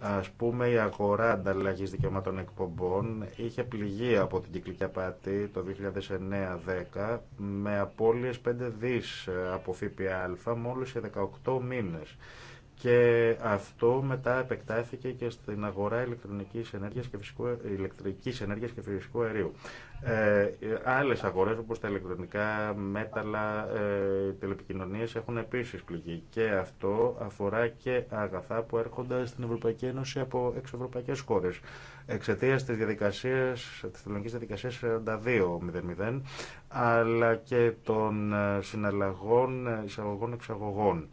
Speaker 3: Ας πούμε η αγορά ανταλλαγή δικαιωμάτων εκπομπών είχε πληγεί από την κυκλική απάτη το 2009-10 με απώλειες 5 δις από ΦΠΑ μόλις σε 18 μήνες. Και αυτό μετά επεκτάθηκε και στην αγορά ηλεκτρονικής ενέργειας και φυσικού, ηλεκτρικής ενέργειας και φυσικού αερίου. Ε, άλλες αγορές όπως τα ηλεκτρονικά μέταλλα, ε, τηλεπικοινωνίες έχουν επίσης πληγεί και αυτό αφορά και αγαθά που έρχονται στην Ευρωπαϊκή Ένωση από εξωευρωπαϊκέ χώρες. Εξαιτία της διαδικασίας, διαδικασία 42.00 αλλά και των ε, συναλλαγών ε, εισαγωγών-εξαγωγών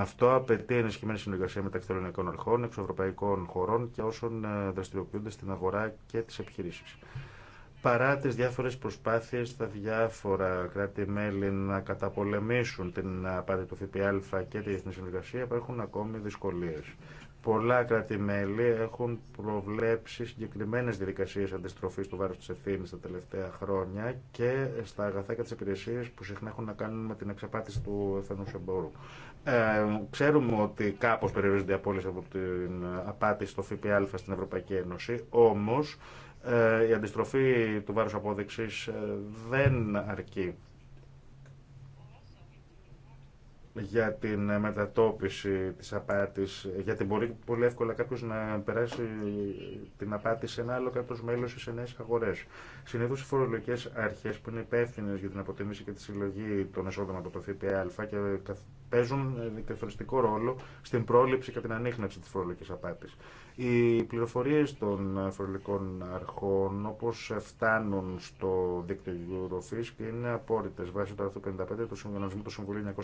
Speaker 3: αυτό απαιτεί ενισχυμένη συνεργασία μεταξύ των ελληνικών αρχών, εξωευρωπαϊκών χωρών και όσων ε, δραστηριοποιούνται στην αγορά και τι επιχειρήσει. Παρά τις διάφορες προσπάθειες στα διάφορα κράτη-μέλη να καταπολεμήσουν την απάντηση του ΦΠΑ και τη διεθνή συνεργασία, υπάρχουν ακόμη δυσκολίες. Πολλά κράτη-μέλη έχουν προβλέψει συγκεκριμένε διαδικασίε αντιστροφή του βάρου τη ευθύνη τα τελευταία χρόνια και στα αγαθά και τι υπηρεσίε που συχνά έχουν να κάνουν με την εξαπάτηση του εθνού εμπόρου. Ε, ξέρουμε ότι κάπω περιορίζονται οι απόλυε από την απάτηση στο ΦΠΑ στην Ευρωπαϊκή Ένωση, όμω ε, η αντιστροφή του βάρους απόδειξης ε, δεν αρκεί. για την μετατόπιση της απάτης, γιατί μπορεί πολύ εύκολα κάποιος να περάσει την απάτη σε ένα άλλο κάτω μέλος ή σε νέες αγορές. Συνήθως οι φορολογικές αρχές που είναι υπεύθυνε για την αποτίμηση και τη συλλογή των εσόδων από το ΦΠΑ και παίζουν ε, καθοριστικό ρόλο στην πρόληψη και την ανείχνευση της φορολογικής απάτης. Οι πληροφορίες των ε, φορολογικών αρχών όπως φτάνουν στο δίκτυο και είναι απόρριτες βάσει του άρθρου 55 του Συμβουλίου του συμβουλιου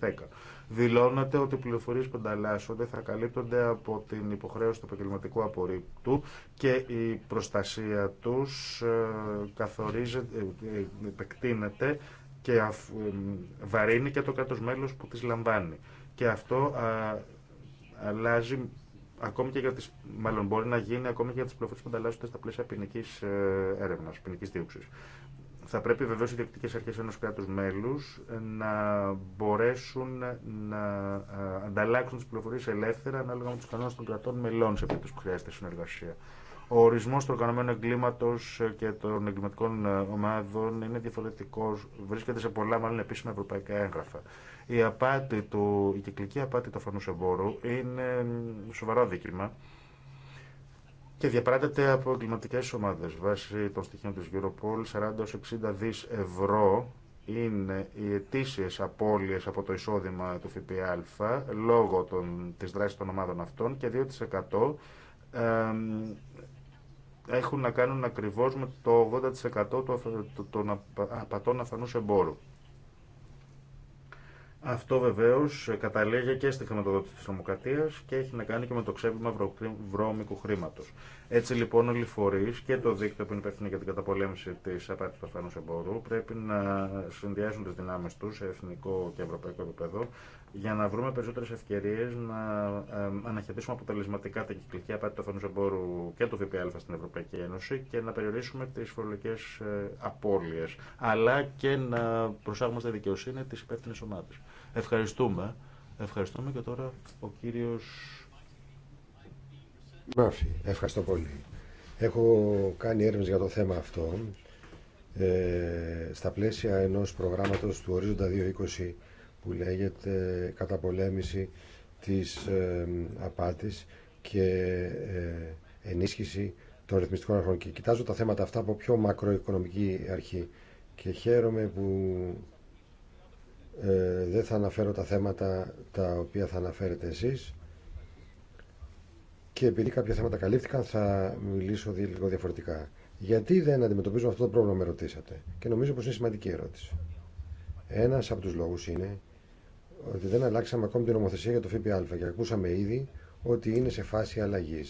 Speaker 3: 904-2010. Δηλώνεται ότι οι πληροφορίες που ανταλλάσσονται θα καλύπτονται από την υποχρέωση του επαγγελματικού απορρίπτου και η προστασία τους ε, καθορίζεται, επεκτείνεται και βαρύνει και το κράτο μέλος που τις λαμβάνει. Και αυτό αλλάζει ακόμη και για τις, μάλλον μπορεί να γίνει ακόμη και για τις πληροφορίες που ανταλλάσσονται στα πλαίσια ποινική ε, έρευνα, ποινική δίωξη. Θα πρέπει βεβαίως οι διεκτικέ αρχέ ενό κράτου μέλους ε, να μπορέσουν να ε, ανταλλάξουν τι πληροφορίε ελεύθερα ανάλογα με του κανόνε των κρατών μελών σε περίπτωση που χρειάζεται συνεργασία. Ο ορισμό του οργανωμένου εγκλήματο ε, και των εγκληματικών ε, ομάδων είναι διαφορετικό. Βρίσκεται σε πολλά, μάλλον επίσημα ευρωπαϊκά έγγραφα. Η, απάτη του, η κυκλική απάτη του αφανού εμπόρου είναι σοβαρό δίκημα και διαπράτεται από εγκληματικέ ομάδε. Βάσει των στοιχείων τη Europol, 40-60 δι ευρώ είναι οι αιτήσιε απώλειε από το εισόδημα του ΦΠΑ λόγω τη δράση των ομάδων αυτών και 2% έχουν να κάνουν ακριβώ με το 80% των απατών αφανούς εμπόρου. Αυτό βεβαίω ε, καταλήγει και στη χρηματοδότηση τη νομοκρατία και έχει να κάνει και με το ξέπλυμα βρώμικου χρήματο. Έτσι λοιπόν, όλοι οι φορεί και το δίκτυο που είναι υπεύθυνο για την καταπολέμηση τη απάτη του αφανού εμπόρου πρέπει να συνδυάσουν τι δυνάμει του σε εθνικό και ευρωπαϊκό επίπεδο για να βρούμε περισσότερε ευκαιρίε να αναχαιτήσουμε αποτελεσματικά την κυκλική απάτη του εμπόρου και του ΒΠΑ στην Ευρωπαϊκή Ένωση και να περιορίσουμε τις φορολογικές ε, απώλειες, αλλά και να προσάγουμε στη δικαιοσύνη τη υπεύθυνη ομάδα. Ευχαριστούμε. Ευχαριστούμε και τώρα ο κύριο.
Speaker 1: Μάφη, ευχαριστώ πολύ. Έχω κάνει έρευνε για το θέμα αυτό. Ε, στα πλαίσια ενός προγράμματος του Ορίζοντα 2020 που λέγεται καταπολέμηση της ε, απάτης και ε, ενίσχυση των ρυθμιστικών αρχών. Και κοιτάζω τα θέματα αυτά από πιο μακροοικονομική αρχή και χαίρομαι που ε, δεν θα αναφέρω τα θέματα τα οποία θα αναφέρετε εσείς και επειδή κάποια θέματα καλύφθηκαν θα μιλήσω λίγο διαφορετικά. Γιατί δεν αντιμετωπίζουμε αυτό το πρόβλημα με ρωτήσατε και νομίζω πως είναι σημαντική ερώτηση. Ένας από τους λόγους είναι ότι δεν αλλάξαμε ακόμη την νομοθεσία για το ΦΠΑ και ακούσαμε ήδη ότι είναι σε φάση αλλαγή,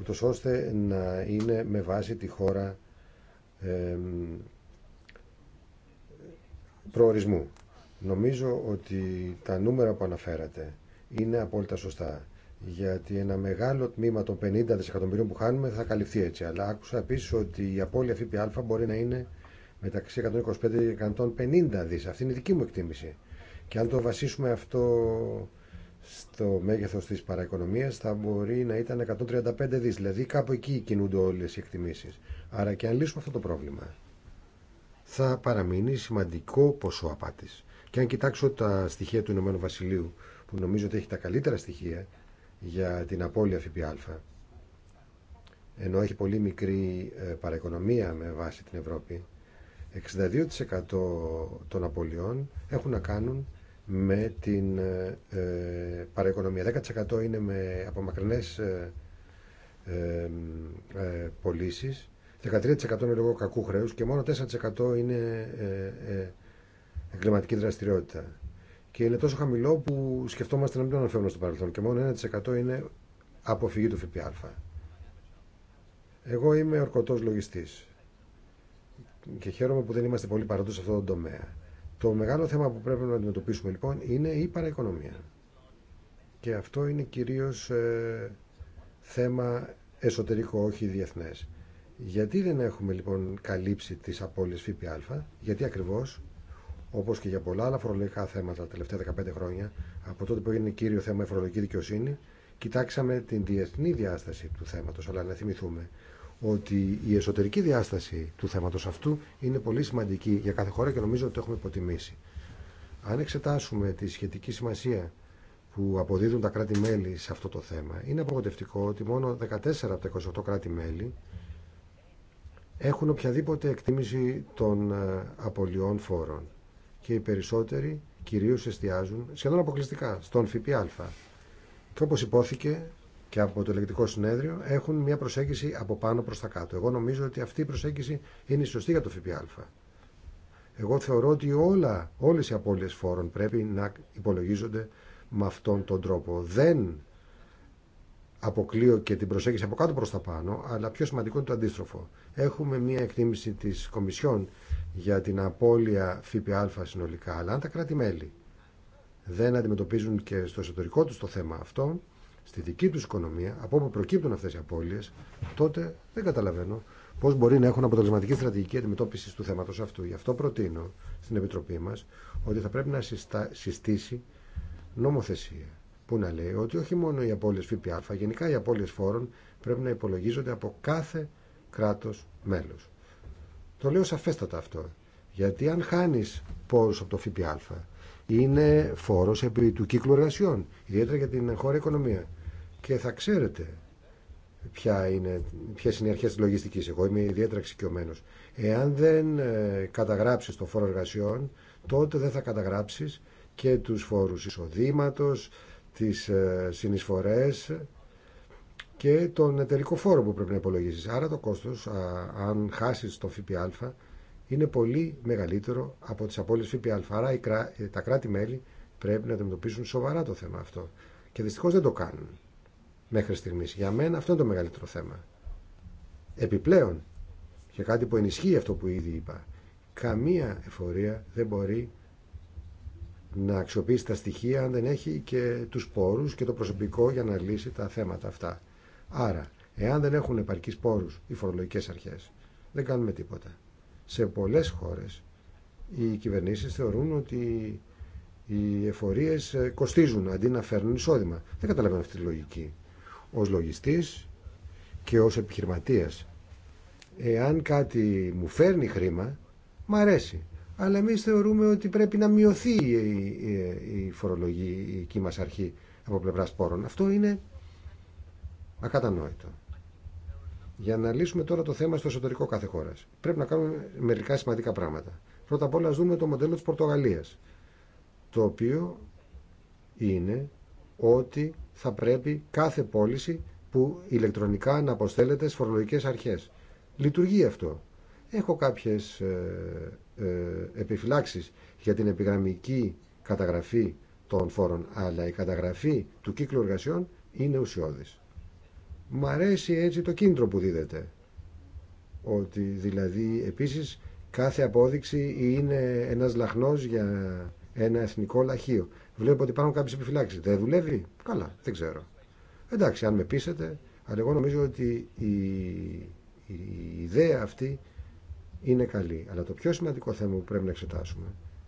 Speaker 1: Ούτω ώστε να είναι με βάση τη χώρα ε, προορισμού. Νομίζω ότι τα νούμερα που αναφέρατε είναι απόλυτα σωστά γιατί ένα μεγάλο τμήμα των 50 δισεκατομμυρίων που χάνουμε θα καλυφθεί έτσι. Αλλά άκουσα επίση ότι η απώλεια ΦΠΑ μπορεί να είναι μεταξύ 125 και 150 δι. Αυτή είναι η δική μου εκτίμηση. Και αν το βασίσουμε αυτό στο μέγεθος της παραοικονομίας θα μπορεί να ήταν 135 δις. Δηλαδή κάπου εκεί κινούνται όλες οι εκτιμήσεις. Άρα και αν λύσουμε αυτό το πρόβλημα θα παραμείνει σημαντικό ποσό απάτης. Και αν κοιτάξω τα στοιχεία του Ηνωμένου Βασιλείου που νομίζω ότι έχει τα καλύτερα στοιχεία για την απώλεια ΦΠΑ ενώ έχει πολύ μικρή ε, παραοικονομία με βάση την Ευρώπη 62% των απολειών έχουν να κάνουν με την ε, ε παραοικονομία. 10% είναι με απομακρυνές ε, ε, ε πωλήσει, 13% είναι λόγω κακού χρέους και μόνο 4% είναι εγκληματική δραστηριότητα. Και είναι τόσο χαμηλό που σκεφτόμαστε να μην το αναφέρουμε στο παρελθόν και μόνο 1% είναι αποφυγή του ΦΠΑ. Εγώ είμαι ορκωτός λογιστής και χαίρομαι που δεν είμαστε πολύ παρόντος σε αυτό το τομέα. Το μεγάλο θέμα που πρέπει να αντιμετωπίσουμε λοιπόν είναι η παραοικονομία. Και αυτό είναι κυρίως ε, θέμα εσωτερικό, όχι διεθνές. Γιατί δεν έχουμε λοιπόν καλύψει τις απώλειες ΦΠΑ, γιατί ακριβώς, όπως και για πολλά άλλα φορολογικά θέματα τα τελευταία 15 χρόνια, από τότε που έγινε κύριο θέμα η φορολογική δικαιοσύνη, κοιτάξαμε την διεθνή διάσταση του θέματος, αλλά να θυμηθούμε ότι η εσωτερική διάσταση του θέματος αυτού είναι πολύ σημαντική για κάθε χώρα και νομίζω ότι το έχουμε υποτιμήσει. Αν εξετάσουμε τη σχετική σημασία που αποδίδουν τα κράτη-μέλη σε αυτό το θέμα, είναι απογοτευτικό ότι μόνο 14 από τα 28 κράτη-μέλη έχουν οποιαδήποτε εκτίμηση των ε, απολειών φόρων και οι περισσότεροι κυρίως εστιάζουν σχεδόν αποκλειστικά στον ΦΠΑ. Και όπως υπόθηκε, και από το Ελεκτικό συνέδριο έχουν μια προσέγγιση από πάνω προς τα κάτω. Εγώ νομίζω ότι αυτή η προσέγγιση είναι η σωστή για το ΦΠΑ. Εγώ θεωρώ ότι όλα, όλες οι απώλειες φόρων πρέπει να υπολογίζονται με αυτόν τον τρόπο. Δεν αποκλείω και την προσέγγιση από κάτω προς τα πάνω, αλλά πιο σημαντικό είναι το αντίστροφο. Έχουμε μια εκτίμηση της Κομισιόν για την απώλεια ΦΠΑ συνολικά, αλλά αν τα κράτη-μέλη δεν αντιμετωπίζουν και στο εσωτερικό τους το θέμα αυτό, στη δική του οικονομία, από όπου προκύπτουν αυτέ οι απώλειε, τότε δεν καταλαβαίνω πώ μπορεί να έχουν αποτελεσματική στρατηγική αντιμετώπιση του θέματο αυτού. Γι' αυτό προτείνω στην Επιτροπή μα ότι θα πρέπει να συστήσει νομοθεσία που να λέει ότι όχι μόνο οι απώλειε ΦΠΑ, γενικά οι απώλειε φόρων πρέπει να υπολογίζονται από κάθε κράτο μέλο. Το λέω σαφέστατα αυτό. Γιατί αν χάνει πόρου από το ΦΠΑ, είναι φόρο επί του κύκλου εργασιών, ιδιαίτερα για την χώρα οικονομία και θα ξέρετε ποια είναι, ποιες είναι οι αρχές της λογιστικής. Εγώ είμαι ιδιαίτερα εξοικειωμένος. Εάν δεν ε, καταγράψεις το φόρο εργασιών, τότε δεν θα καταγράψεις και τους φόρους εισοδήματος, τις ε, συνεισφορές και τον εταιρικό φόρο που πρέπει να υπολογίσεις. Άρα το κόστος, αν χάσεις το ΦΠΑ, είναι πολύ μεγαλύτερο από τις απώλειες ΦΠΑ. Άρα τα κράτη-μέλη πρέπει να αντιμετωπίσουν σοβαρά το θέμα αυτό. Και δυστυχώς δεν το κάνουν μέχρι στιγμής. Για μένα αυτό είναι το μεγαλύτερο θέμα. Επιπλέον, και κάτι που ενισχύει αυτό που ήδη είπα, καμία εφορία δεν μπορεί να αξιοποιήσει τα στοιχεία αν δεν έχει και τους πόρους και το προσωπικό για να λύσει τα θέματα αυτά. Άρα, εάν δεν έχουν επαρκείς πόρους οι φορολογικές αρχές, δεν κάνουμε τίποτα. Σε πολλές χώρες οι κυβερνήσεις θεωρούν ότι οι εφορίες ε, κοστίζουν αντί να φέρνουν εισόδημα. Δεν καταλαβαίνω αυτή τη λογική ως λογιστής και ως επιχειρηματίας. Εάν κάτι μου φέρνει χρήμα, μ' αρέσει. Αλλά εμείς θεωρούμε ότι πρέπει να μειωθεί η φορολογική μας αρχή από πλευρά πόρων. Αυτό είναι ακατανόητο. Για να λύσουμε τώρα το θέμα στο εσωτερικό κάθε χώρα. Πρέπει να κάνουμε μερικά σημαντικά πράγματα. Πρώτα απ' όλα, ας δούμε το μοντέλο της Πορτογαλίας, το οποίο είναι ότι θα πρέπει κάθε πώληση που ηλεκτρονικά να αποστέλλεται στις φορολογικές αρχές. Λειτουργεί αυτό. Έχω κάποιες ε, ε, επιφυλάξεις για την επιγραμμική καταγραφή των φόρων, αλλά η καταγραφή του κύκλου εργασιών είναι ουσιώδης. Μ' αρέσει έτσι το κίνητρο που δίδεται. Ότι δηλαδή επίσης κάθε απόδειξη είναι ένας λαχνός για ένα εθνικό λαχείο. Βλέπω ότι υπάρχουν κάποιε επιφυλάξει. Δεν δουλεύει. Καλά, δεν ξέρω. Εντάξει, αν με πείσετε, αλλά εγώ νομίζω ότι η, η ιδέα αυτή είναι καλή. Αλλά το πιο σημαντικό θέμα που πρέπει να εξετάσουμε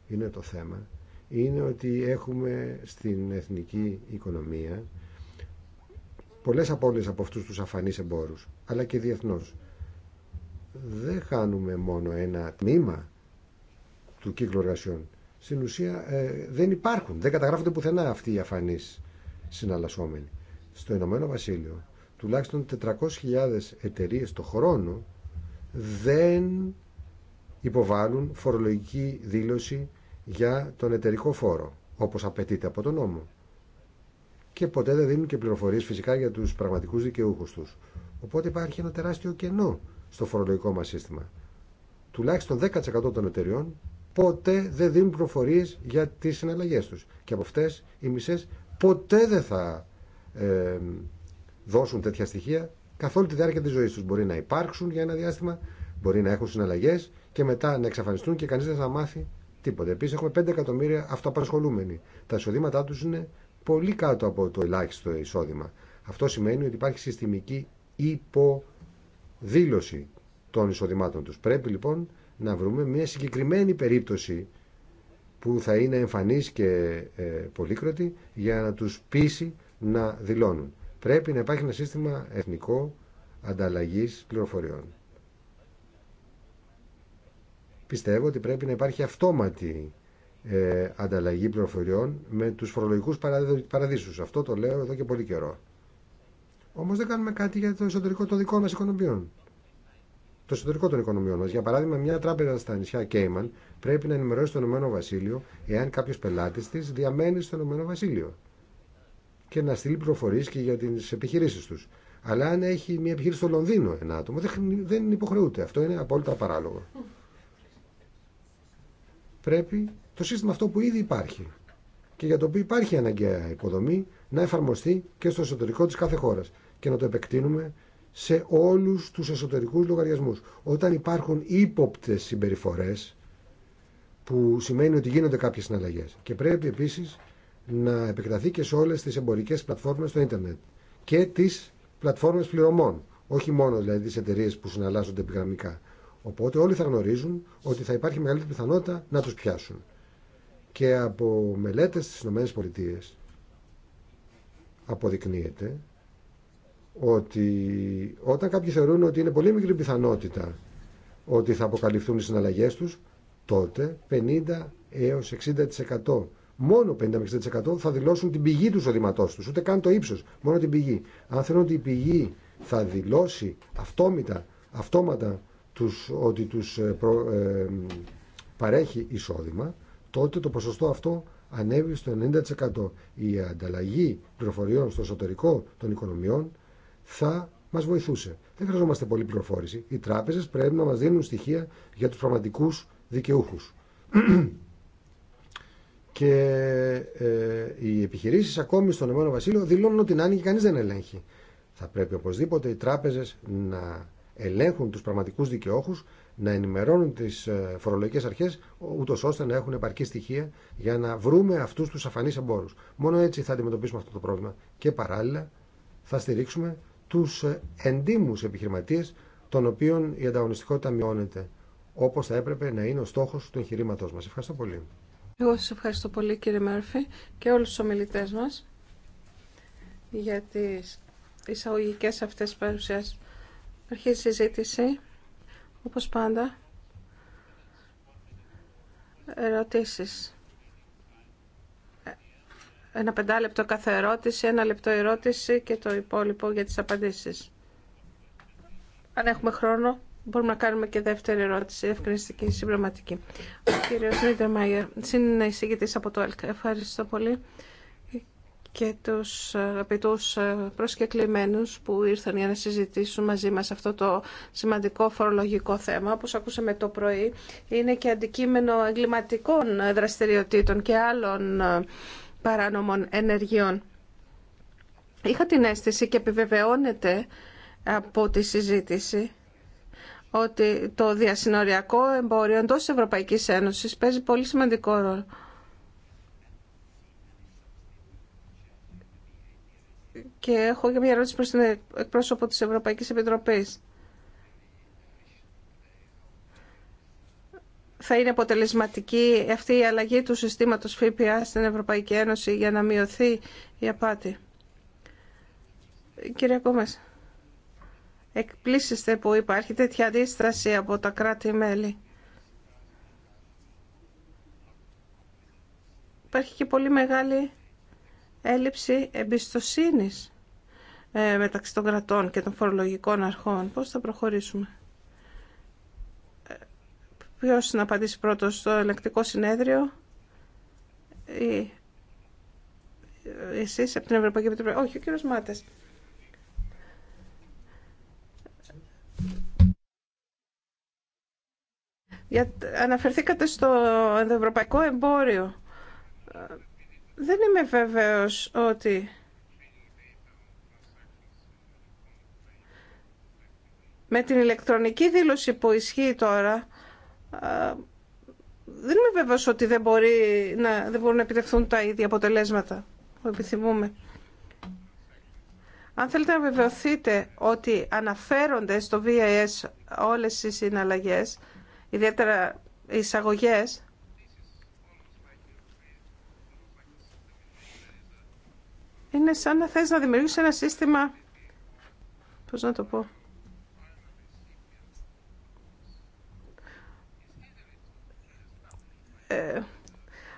Speaker 1: είναι το θέμα είναι ότι έχουμε στην εθνική οικονομία πολλές απώλειες από αυτούς τους αφανείς εμπόρους, αλλά και διεθνώς. Δεν χάνουμε μόνο ένα τμήμα του κύκλου εργασιών στην ουσία ε, δεν υπάρχουν, δεν καταγράφονται πουθενά αυτοί οι αφανεί συναλλασσόμενοι. Στο Ηνωμένο Βασίλειο τουλάχιστον 400.000 εταιρείε το χρόνο δεν υποβάλλουν φορολογική δήλωση για τον εταιρικό φόρο, όπως απαιτείται από τον νόμο. Και ποτέ δεν δίνουν και πληροφορίες φυσικά για τους πραγματικούς δικαιούχους τους. Οπότε υπάρχει ένα τεράστιο κενό στο φορολογικό μας σύστημα. Τουλάχιστον 10% των εταιριών ποτέ δεν δίνουν προφορίες για τι συναλλαγέ του. Και από αυτέ οι μισέ ποτέ δεν θα ε, δώσουν τέτοια στοιχεία καθ' όλη τη διάρκεια τη ζωή του. Μπορεί να υπάρξουν για ένα διάστημα, μπορεί να έχουν συναλλαγέ και μετά να εξαφανιστούν και κανεί δεν θα μάθει τίποτα. Επίση έχουμε 5 εκατομμύρια αυτοαπασχολούμενοι. Τα εισοδήματά του είναι πολύ κάτω από το ελάχιστο εισόδημα. Αυτό σημαίνει ότι υπάρχει συστημική υποδήλωση των εισοδημάτων τους. Πρέπει λοιπόν να βρούμε μια συγκεκριμένη περίπτωση που θα είναι εμφανής και ε, πολύκροτη για να τους πείσει να δηλώνουν. Πρέπει να υπάρχει ένα σύστημα εθνικό ανταλλαγής πληροφοριών. Πιστεύω ότι πρέπει να υπάρχει αυτόματη ε, ανταλλαγή πληροφοριών με τους φορολογικούς παραδείσους. Αυτό το λέω εδώ και πολύ καιρό. Όμως δεν κάνουμε κάτι για το εσωτερικό των δικό μας οικονομιών το εσωτερικό των οικονομιών μα. Για παράδειγμα, μια τράπεζα στα νησιά Κέιμαν πρέπει να ενημερώσει το Ηνωμένο Βασίλειο εάν κάποιο πελάτη τη διαμένει στο Ηνωμένο Βασίλειο και να στείλει πληροφορίε και για τι επιχειρήσει του. Αλλά αν έχει μια επιχείρηση στο Λονδίνο ένα άτομο, δεν υποχρεούται. Αυτό είναι απόλυτα παράλογο. Πρέπει το σύστημα αυτό που ήδη υπάρχει και για το οποίο υπάρχει αναγκαία υποδομή να εφαρμοστεί και στο εσωτερικό τη κάθε χώρα και να το επεκτείνουμε σε όλους τους εσωτερικούς λογαριασμούς. Όταν υπάρχουν ύποπτες συμπεριφορές, που σημαίνει ότι γίνονται κάποιες συναλλαγές. Και πρέπει επίσης να επεκταθεί και σε όλες τις εμπορικές πλατφόρμες στο ίντερνετ και τις πλατφόρμες πληρωμών, όχι μόνο δηλαδή τις εταιρείες που συναλλάσσονται επιγραμμικά. Οπότε όλοι θα γνωρίζουν ότι θα υπάρχει μεγαλύτερη πιθανότητα να τους πιάσουν. Και από μελέτες στις ΗΠΑ αποδεικνύεται ότι όταν κάποιοι θεωρούν ότι είναι πολύ μικρή πιθανότητα ότι θα αποκαλυφθούν οι συναλλαγές τους, τότε 50 έως 60% μόνο 50-60% θα δηλώσουν την πηγή του εισοδήματό του, ούτε καν το ύψο, μόνο την πηγή. Αν θέλουν ότι η πηγή θα δηλώσει αυτόμητα, αυτόματα τους, ότι του ε, ε, παρέχει εισόδημα, τότε το ποσοστό αυτό ανέβει στο 90%. Η ανταλλαγή πληροφοριών στο εσωτερικό των οικονομιών θα μα βοηθούσε. Δεν χρειαζόμαστε πολλή πληροφόρηση. Οι τράπεζε πρέπει να μα δίνουν στοιχεία για του πραγματικού δικαιούχου. και ε, οι επιχειρήσει ακόμη στον Ηνωμένο Βασίλειο δηλώνουν ότι την άνοιγε και κανεί δεν ελέγχει. Θα πρέπει οπωσδήποτε οι τράπεζε να ελέγχουν του πραγματικού δικαιούχου, να ενημερώνουν τι ε, φορολογικέ αρχέ, ούτω ώστε να έχουν επαρκή στοιχεία για να βρούμε αυτού του αφανεί εμπόρου. Μόνο έτσι θα αντιμετωπίσουμε αυτό το πρόβλημα. Και παράλληλα θα στηρίξουμε τους ε, εντύμους επιχειρηματίες των οποίων η ανταγωνιστικότητα μειώνεται όπως θα έπρεπε να είναι ο στόχος του εγχειρήματό μας. Ευχαριστώ πολύ.
Speaker 2: Εγώ σας ευχαριστώ πολύ κύριε Μέρφη και όλους τους ομιλητές μας για τις εισαγωγικέ αυτές παρουσιάσεις. Αρχίζει η συζήτηση, όπως πάντα, ερωτήσεις. Ένα πεντάλεπτο κάθε ερώτηση, ένα λεπτό ερώτηση και το υπόλοιπο για τις απαντήσεις. Αν έχουμε χρόνο, μπορούμε να κάνουμε και δεύτερη ερώτηση, ευκρινιστική, συμπληρωματική. Ο κύριος Μάγερ, συνεισηγητής από το ΕΛΚΑ. Ευχαριστώ πολύ και τους αγαπητούς ε, προσκεκλημένους που ήρθαν για να συζητήσουν μαζί μας αυτό το σημαντικό φορολογικό θέμα. Όπως ακούσαμε το πρωί, είναι και αντικείμενο εγκληματικών δραστηριοτήτων και άλλων ε, παράνομων ενεργειών. Είχα την αίσθηση και επιβεβαιώνεται από τη συζήτηση ότι το διασυνοριακό εμπόριο εντός της Ευρωπαϊκής Ένωσης παίζει πολύ σημαντικό ρόλο. Και έχω και μια ερώτηση προς την εκπρόσωπο της Ευρωπαϊκής Επιτροπής. θα είναι αποτελεσματική αυτή η αλλαγή του συστήματος ΦΠΑ στην Ευρωπαϊκή Ένωση για να μειωθεί η απάτη. Κύριε Κόμες, εκπλήσεστε που υπάρχει τέτοια αντίσταση από τα κράτη-μέλη. Υπάρχει και πολύ μεγάλη έλλειψη εμπιστοσύνης ε, μεταξύ των κρατών και των φορολογικών αρχών. Πώς θα προχωρήσουμε. Ποιος να απαντήσει πρώτος στο ελεκτικό συνέδριο ή εσείς από την Ευρωπαϊκή Επιτροπή. Όχι, ο κύριος Μάτες. Για, αναφερθήκατε στο ευρωπαϊκό εμπόριο. Δεν είμαι βέβαιος ότι με την ηλεκτρονική δήλωση που ισχύει τώρα δεν είμαι βέβαιος ότι δεν, μπορεί να, δεν μπορούν να επιτευχθούν τα ίδια αποτελέσματα που επιθυμούμε. Αν θέλετε να βεβαιωθείτε ότι αναφέρονται στο VIS όλες οι συναλλαγές, ιδιαίτερα οι εισαγωγές, είναι σαν να θες να δημιουργήσεις ένα σύστημα, πώς να το πω, Ε,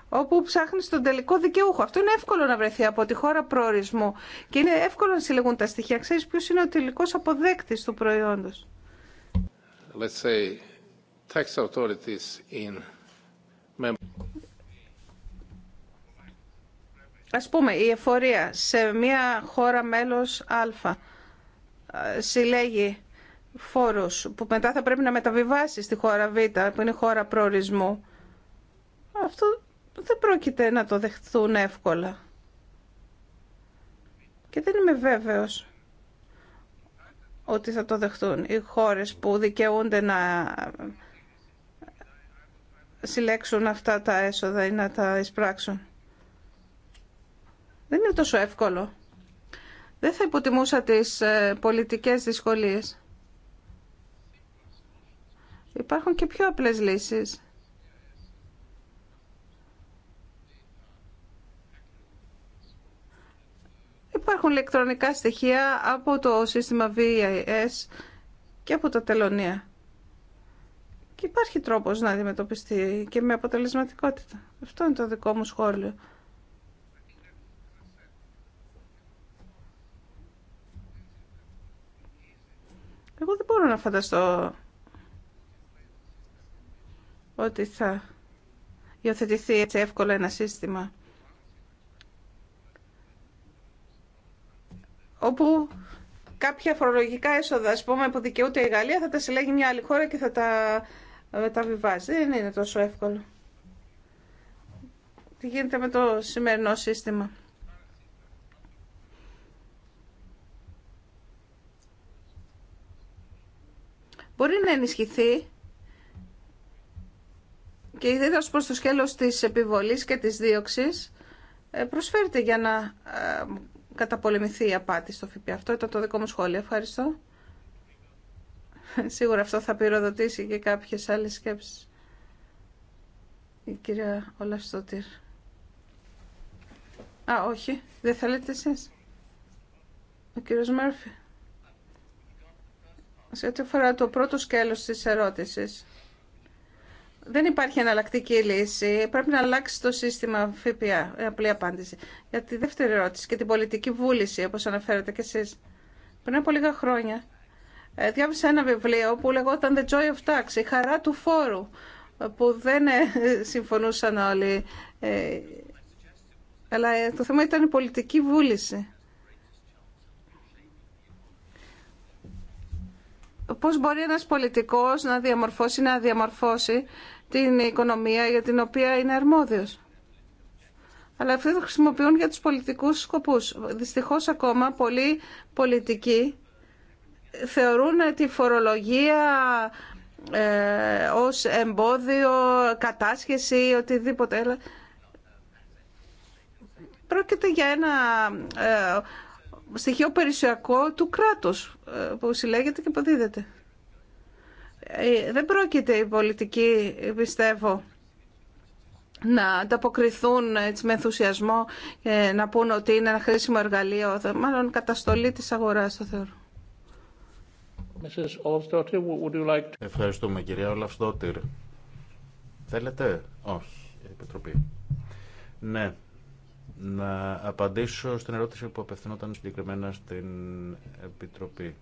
Speaker 2: όπου ψάχνεις τον τελικό δικαιούχο. Αυτό είναι εύκολο να βρεθεί από τη χώρα προορισμού και είναι εύκολο να συλλεγούν τα στοιχεία. Ξέρεις ποιος είναι ο τελικός αποδέκτης του προϊόντος. Ας πούμε, η εφορία σε μια χώρα μέλος Α ε, συλλέγει φόρους που μετά θα πρέπει να μεταβιβάσει στη χώρα Β, που είναι χώρα προορισμού αυτό δεν πρόκειται να το δεχθούν εύκολα. Και δεν είμαι βέβαιος ότι θα το δεχτούν οι χώρες που δικαιούνται να συλλέξουν αυτά τα έσοδα ή να τα εισπράξουν. Δεν είναι τόσο εύκολο. Δεν θα υποτιμούσα τις ε, πολιτικές δυσκολίες. Υπάρχουν και πιο απλές λύσεις. Υπάρχουν ηλεκτρονικά στοιχεία από το σύστημα VIS και από τα τελωνία. Και υπάρχει τρόπος να αντιμετωπιστεί και με αποτελεσματικότητα. Αυτό είναι το δικό μου σχόλιο. Εγώ δεν μπορώ να φανταστώ ότι θα υιοθετηθεί έτσι εύκολα ένα σύστημα όπου κάποια φορολογικά έσοδα, ας πούμε, που δικαιούται η Γαλλία θα τα συλλέγει μια άλλη χώρα και θα τα μεταβιβάζει. Δεν είναι τόσο εύκολο. Τι γίνεται με το σημερινό σύστημα. Μπορεί να ενισχυθεί και δίδαση προς το σκέλος της επιβολής και της δίωξης ε, προσφέρεται για να ε, καταπολεμηθεί η απάτη στο ΦΠΑ. Αυτό ήταν το δικό μου σχόλιο. Ευχαριστώ. Σίγουρα αυτό θα πυροδοτήσει και κάποιες άλλες σκέψεις. Η κυρία Ολαυστοτήρ. Α, όχι. Δεν θέλετε εσείς. Ο κύριος Μέρφυ. Σε ό,τι αφορά το πρώτο σκέλος της ερώτησης δεν υπάρχει εναλλακτική λύση. Πρέπει να αλλάξει το σύστημα ΦΠΑ. Ε, απλή απάντηση. Για τη δεύτερη ερώτηση και την πολιτική βούληση, όπως αναφέρετε κι εσεί. Πριν από λίγα χρόνια, ε, διάβασα ένα βιβλίο που λεγόταν The Joy of Tax, η χαρά του φόρου, που δεν ε, συμφωνούσαν όλοι. Αλλά το θέμα ήταν η πολιτική βούληση. πώς μπορεί ένας πολιτικός να διαμορφώσει, να διαμορφώσει την οικονομία για την οποία είναι αρμόδιος. Αλλά αυτοί το χρησιμοποιούν για τους πολιτικούς σκοπούς. Δυστυχώς ακόμα πολλοί πολιτικοί θεωρούν τη φορολογία ε, ως εμπόδιο, κατάσχεση ή οτιδήποτε. Πρόκειται για ένα ε, στοιχείο περιουσιακό του κράτους ε, που συλλέγεται και αποδίδεται. Ε, δεν πρόκειται οι πολιτικοί, πιστεύω, να ανταποκριθούν ε, έτσι, με ενθουσιασμό να πούν ότι είναι ένα χρήσιμο εργαλείο. Μάλλον καταστολή της αγοράς, το θεωρώ.
Speaker 3: Ευχαριστούμε, κυρία Ολαυστότηρ. Θέλετε? Όχι, Επιτροπή. Ναι, να απαντήσω στην ερώτηση που απευθυνόταν συγκεκριμένα στην Επιτροπή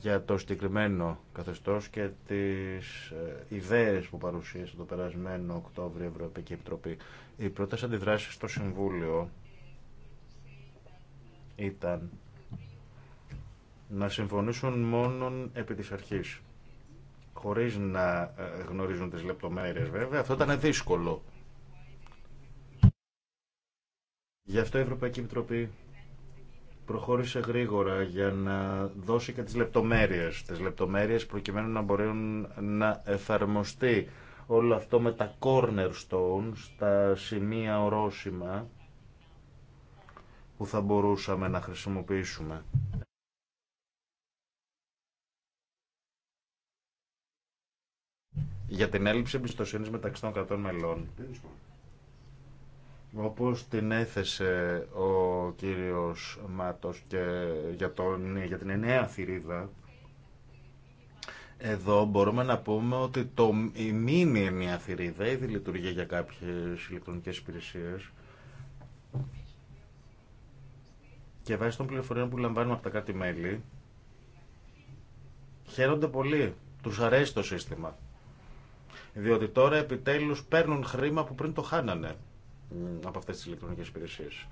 Speaker 3: για το συγκεκριμένο καθεστώς και τις ε, ιδέες που παρουσίασε το περασμένο Οκτώβριο Ευρωπαϊκή Επιτροπή. Οι πρώτες αντιδράσεις στο Συμβούλιο ήταν να συμφωνήσουν μόνον επί της αρχής, χωρίς να ε, γνωρίζουν τις λεπτομέρειες βέβαια. Αυτό ήταν δύσκολο Γι' αυτό η Ευρωπαϊκή Επιτροπή προχώρησε γρήγορα για να δώσει και τις λεπτομέρειες. Τις λεπτομέρειες προκειμένου να μπορεί να εφαρμοστεί όλο αυτό με τα stones, στα σημεία ορόσημα που θα μπορούσαμε να χρησιμοποιήσουμε. Για την έλλειψη εμπιστοσύνη μεταξύ των κρατών μελών όπως την έθεσε ο κύριος Μάτος και για, τον, για την εννέα θηρίδα, εδώ μπορούμε να πούμε ότι το, η μήνυ εννέα θηρίδα ήδη λειτουργεί για κάποιες ηλεκτρονικές υπηρεσίες και βάσει των πληροφοριών που λαμβάνουμε από τα κάτι μέλη, χαίρονται πολύ. Τους αρέσει το σύστημα. Διότι τώρα επιτέλους παίρνουν χρήμα που πριν το χάνανε από αυτές τις ηλεκτρονικές υπηρεσίες.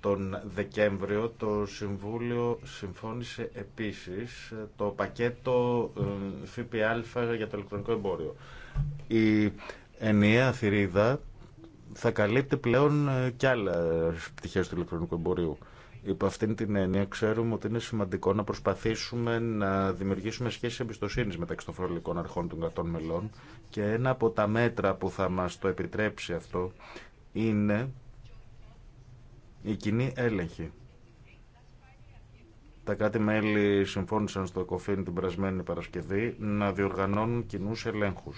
Speaker 3: Τον Δεκέμβριο το Συμβούλιο συμφώνησε επίσης το πακέτο ε, ΦΠΑ για το ηλεκτρονικό εμπόριο. Η ενιαία θηρίδα θα καλύπτει πλέον ε, και άλλα πτυχές του ηλεκτρονικού εμπορίου. Υπό αυτήν την έννοια ξέρουμε ότι είναι σημαντικό να προσπαθήσουμε να δημιουργήσουμε σχέσεις εμπιστοσύνης μεταξύ των φορολογικών αρχών των κρατών μελών και ένα από τα μέτρα που θα μας το επιτρέψει αυτό είναι η κοινή έλεγχη. Τα κάτι μέλη συμφώνησαν στο ΕΚΟΦΗΝ την περασμένη Παρασκευή να διοργανώνουν κοινού ελέγχου.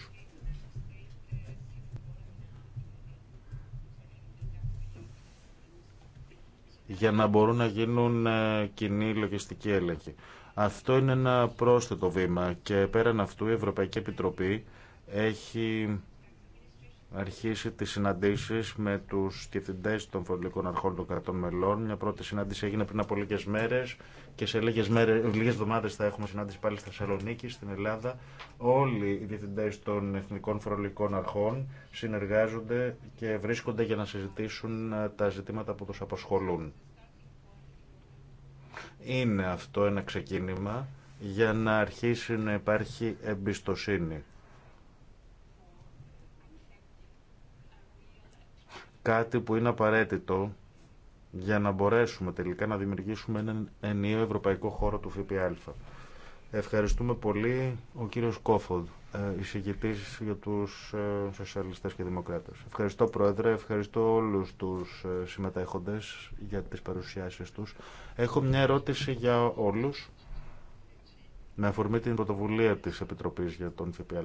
Speaker 3: για να μπορούν να γίνουν ε, κοινοί λογιστικοί έλεγχοι. Αυτό είναι ένα πρόσθετο βήμα και πέραν αυτού η Ευρωπαϊκή Επιτροπή έχει αρχίσει τις συναντήσεις με τους διευθυντές των φορολογικών αρχών των κρατών μελών. Μια πρώτη συνάντηση έγινε πριν από λίγες μέρες και σε λίγες, μέρες, εβδομάδες θα έχουμε συνάντηση πάλι στη Θεσσαλονίκη, στην Ελλάδα. Όλοι οι διευθυντές των εθνικών φορολογικών αρχών συνεργάζονται και βρίσκονται για να συζητήσουν ε, τα ζητήματα που τους απασχολούν. Είναι αυτό ένα ξεκίνημα για να αρχίσει να υπάρχει εμπιστοσύνη κάτι που είναι απαραίτητο για να μπορέσουμε τελικά να δημιουργήσουμε έναν ενίο ευρωπαϊκό χώρο του ΦΠΑ. Ευχαριστούμε πολύ ο κύριος Κόφοδ, ε, εισηγητής για τους ε, σοσιαλιστές και δημοκράτες. Ευχαριστώ Πρόεδρε, ευχαριστώ όλους τους ε, συμμετέχοντες για τις παρουσιάσεις τους. Έχω μια ερώτηση για όλους με αφορμή την πρωτοβουλία της Επιτροπής για τον ΦΠΑ.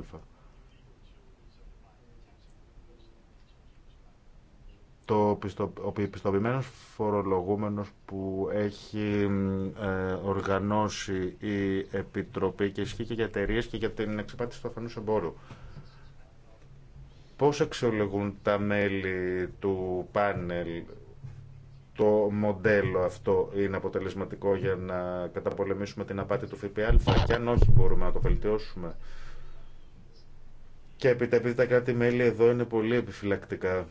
Speaker 3: το πιστο, ο πιστοποιημένος φορολογούμενος που έχει ε, οργανώσει η Επιτροπή και ισχύει και για εταιρείε και για την εξεπάτηση του αφανούς εμπόρου. Πώς αξιολογούν τα μέλη του πάνελ το μοντέλο αυτό είναι αποτελεσματικό για να καταπολεμήσουμε την απάτη του ΦΠΑ και αν όχι μπορούμε να το βελτιώσουμε. Και επειδή τα κράτη-μέλη εδώ είναι πολύ επιφυλακτικά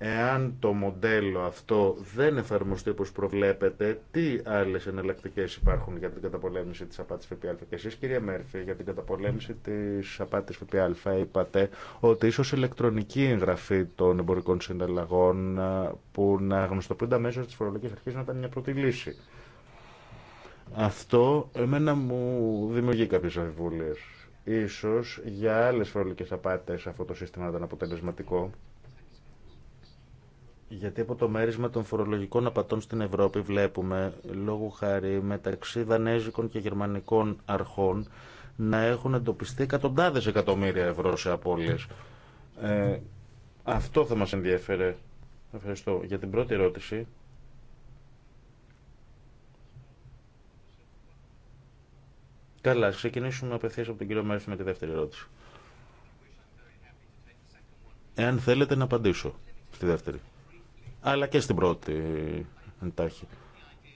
Speaker 3: Εάν το μοντέλο αυτό δεν εφαρμοστεί όπως προβλέπετε, τι άλλες εναλλακτικέ υπάρχουν για την καταπολέμηση της απάτης ΦΠΑ. Και εσείς κύριε Μέρφη, για την καταπολέμηση της απάτης ΦΠΑ είπατε ότι ίσως ηλεκτρονική εγγραφή των εμπορικών συναλλαγών που να γνωστοποιούνται αμέσως της φορολογικής αρχής να ήταν μια πρώτη λύση. Αυτό εμένα μου δημιουργεί κάποιες αμφιβούλειες. Ίσως για άλλες φορολογικές απάτες αυτό το σύστημα ήταν αποτελεσματικό γιατί από το μέρισμα των φορολογικών απατών στην Ευρώπη βλέπουμε, λόγω χάρη μεταξύ δανέζικων και γερμανικών αρχών, να έχουν εντοπιστεί εκατοντάδες εκατομμύρια ευρώ σε απώλειες. Ε, αυτό θα μας ενδιαφέρε. Ευχαριστώ. Για την πρώτη ερώτηση. Καλά, ξεκινήσουμε απευθείας από τον κύριο Μέρφη με τη δεύτερη ερώτηση. Εάν θέλετε να απαντήσω στη δεύτερη αλλά και στην πρώτη εντάχει.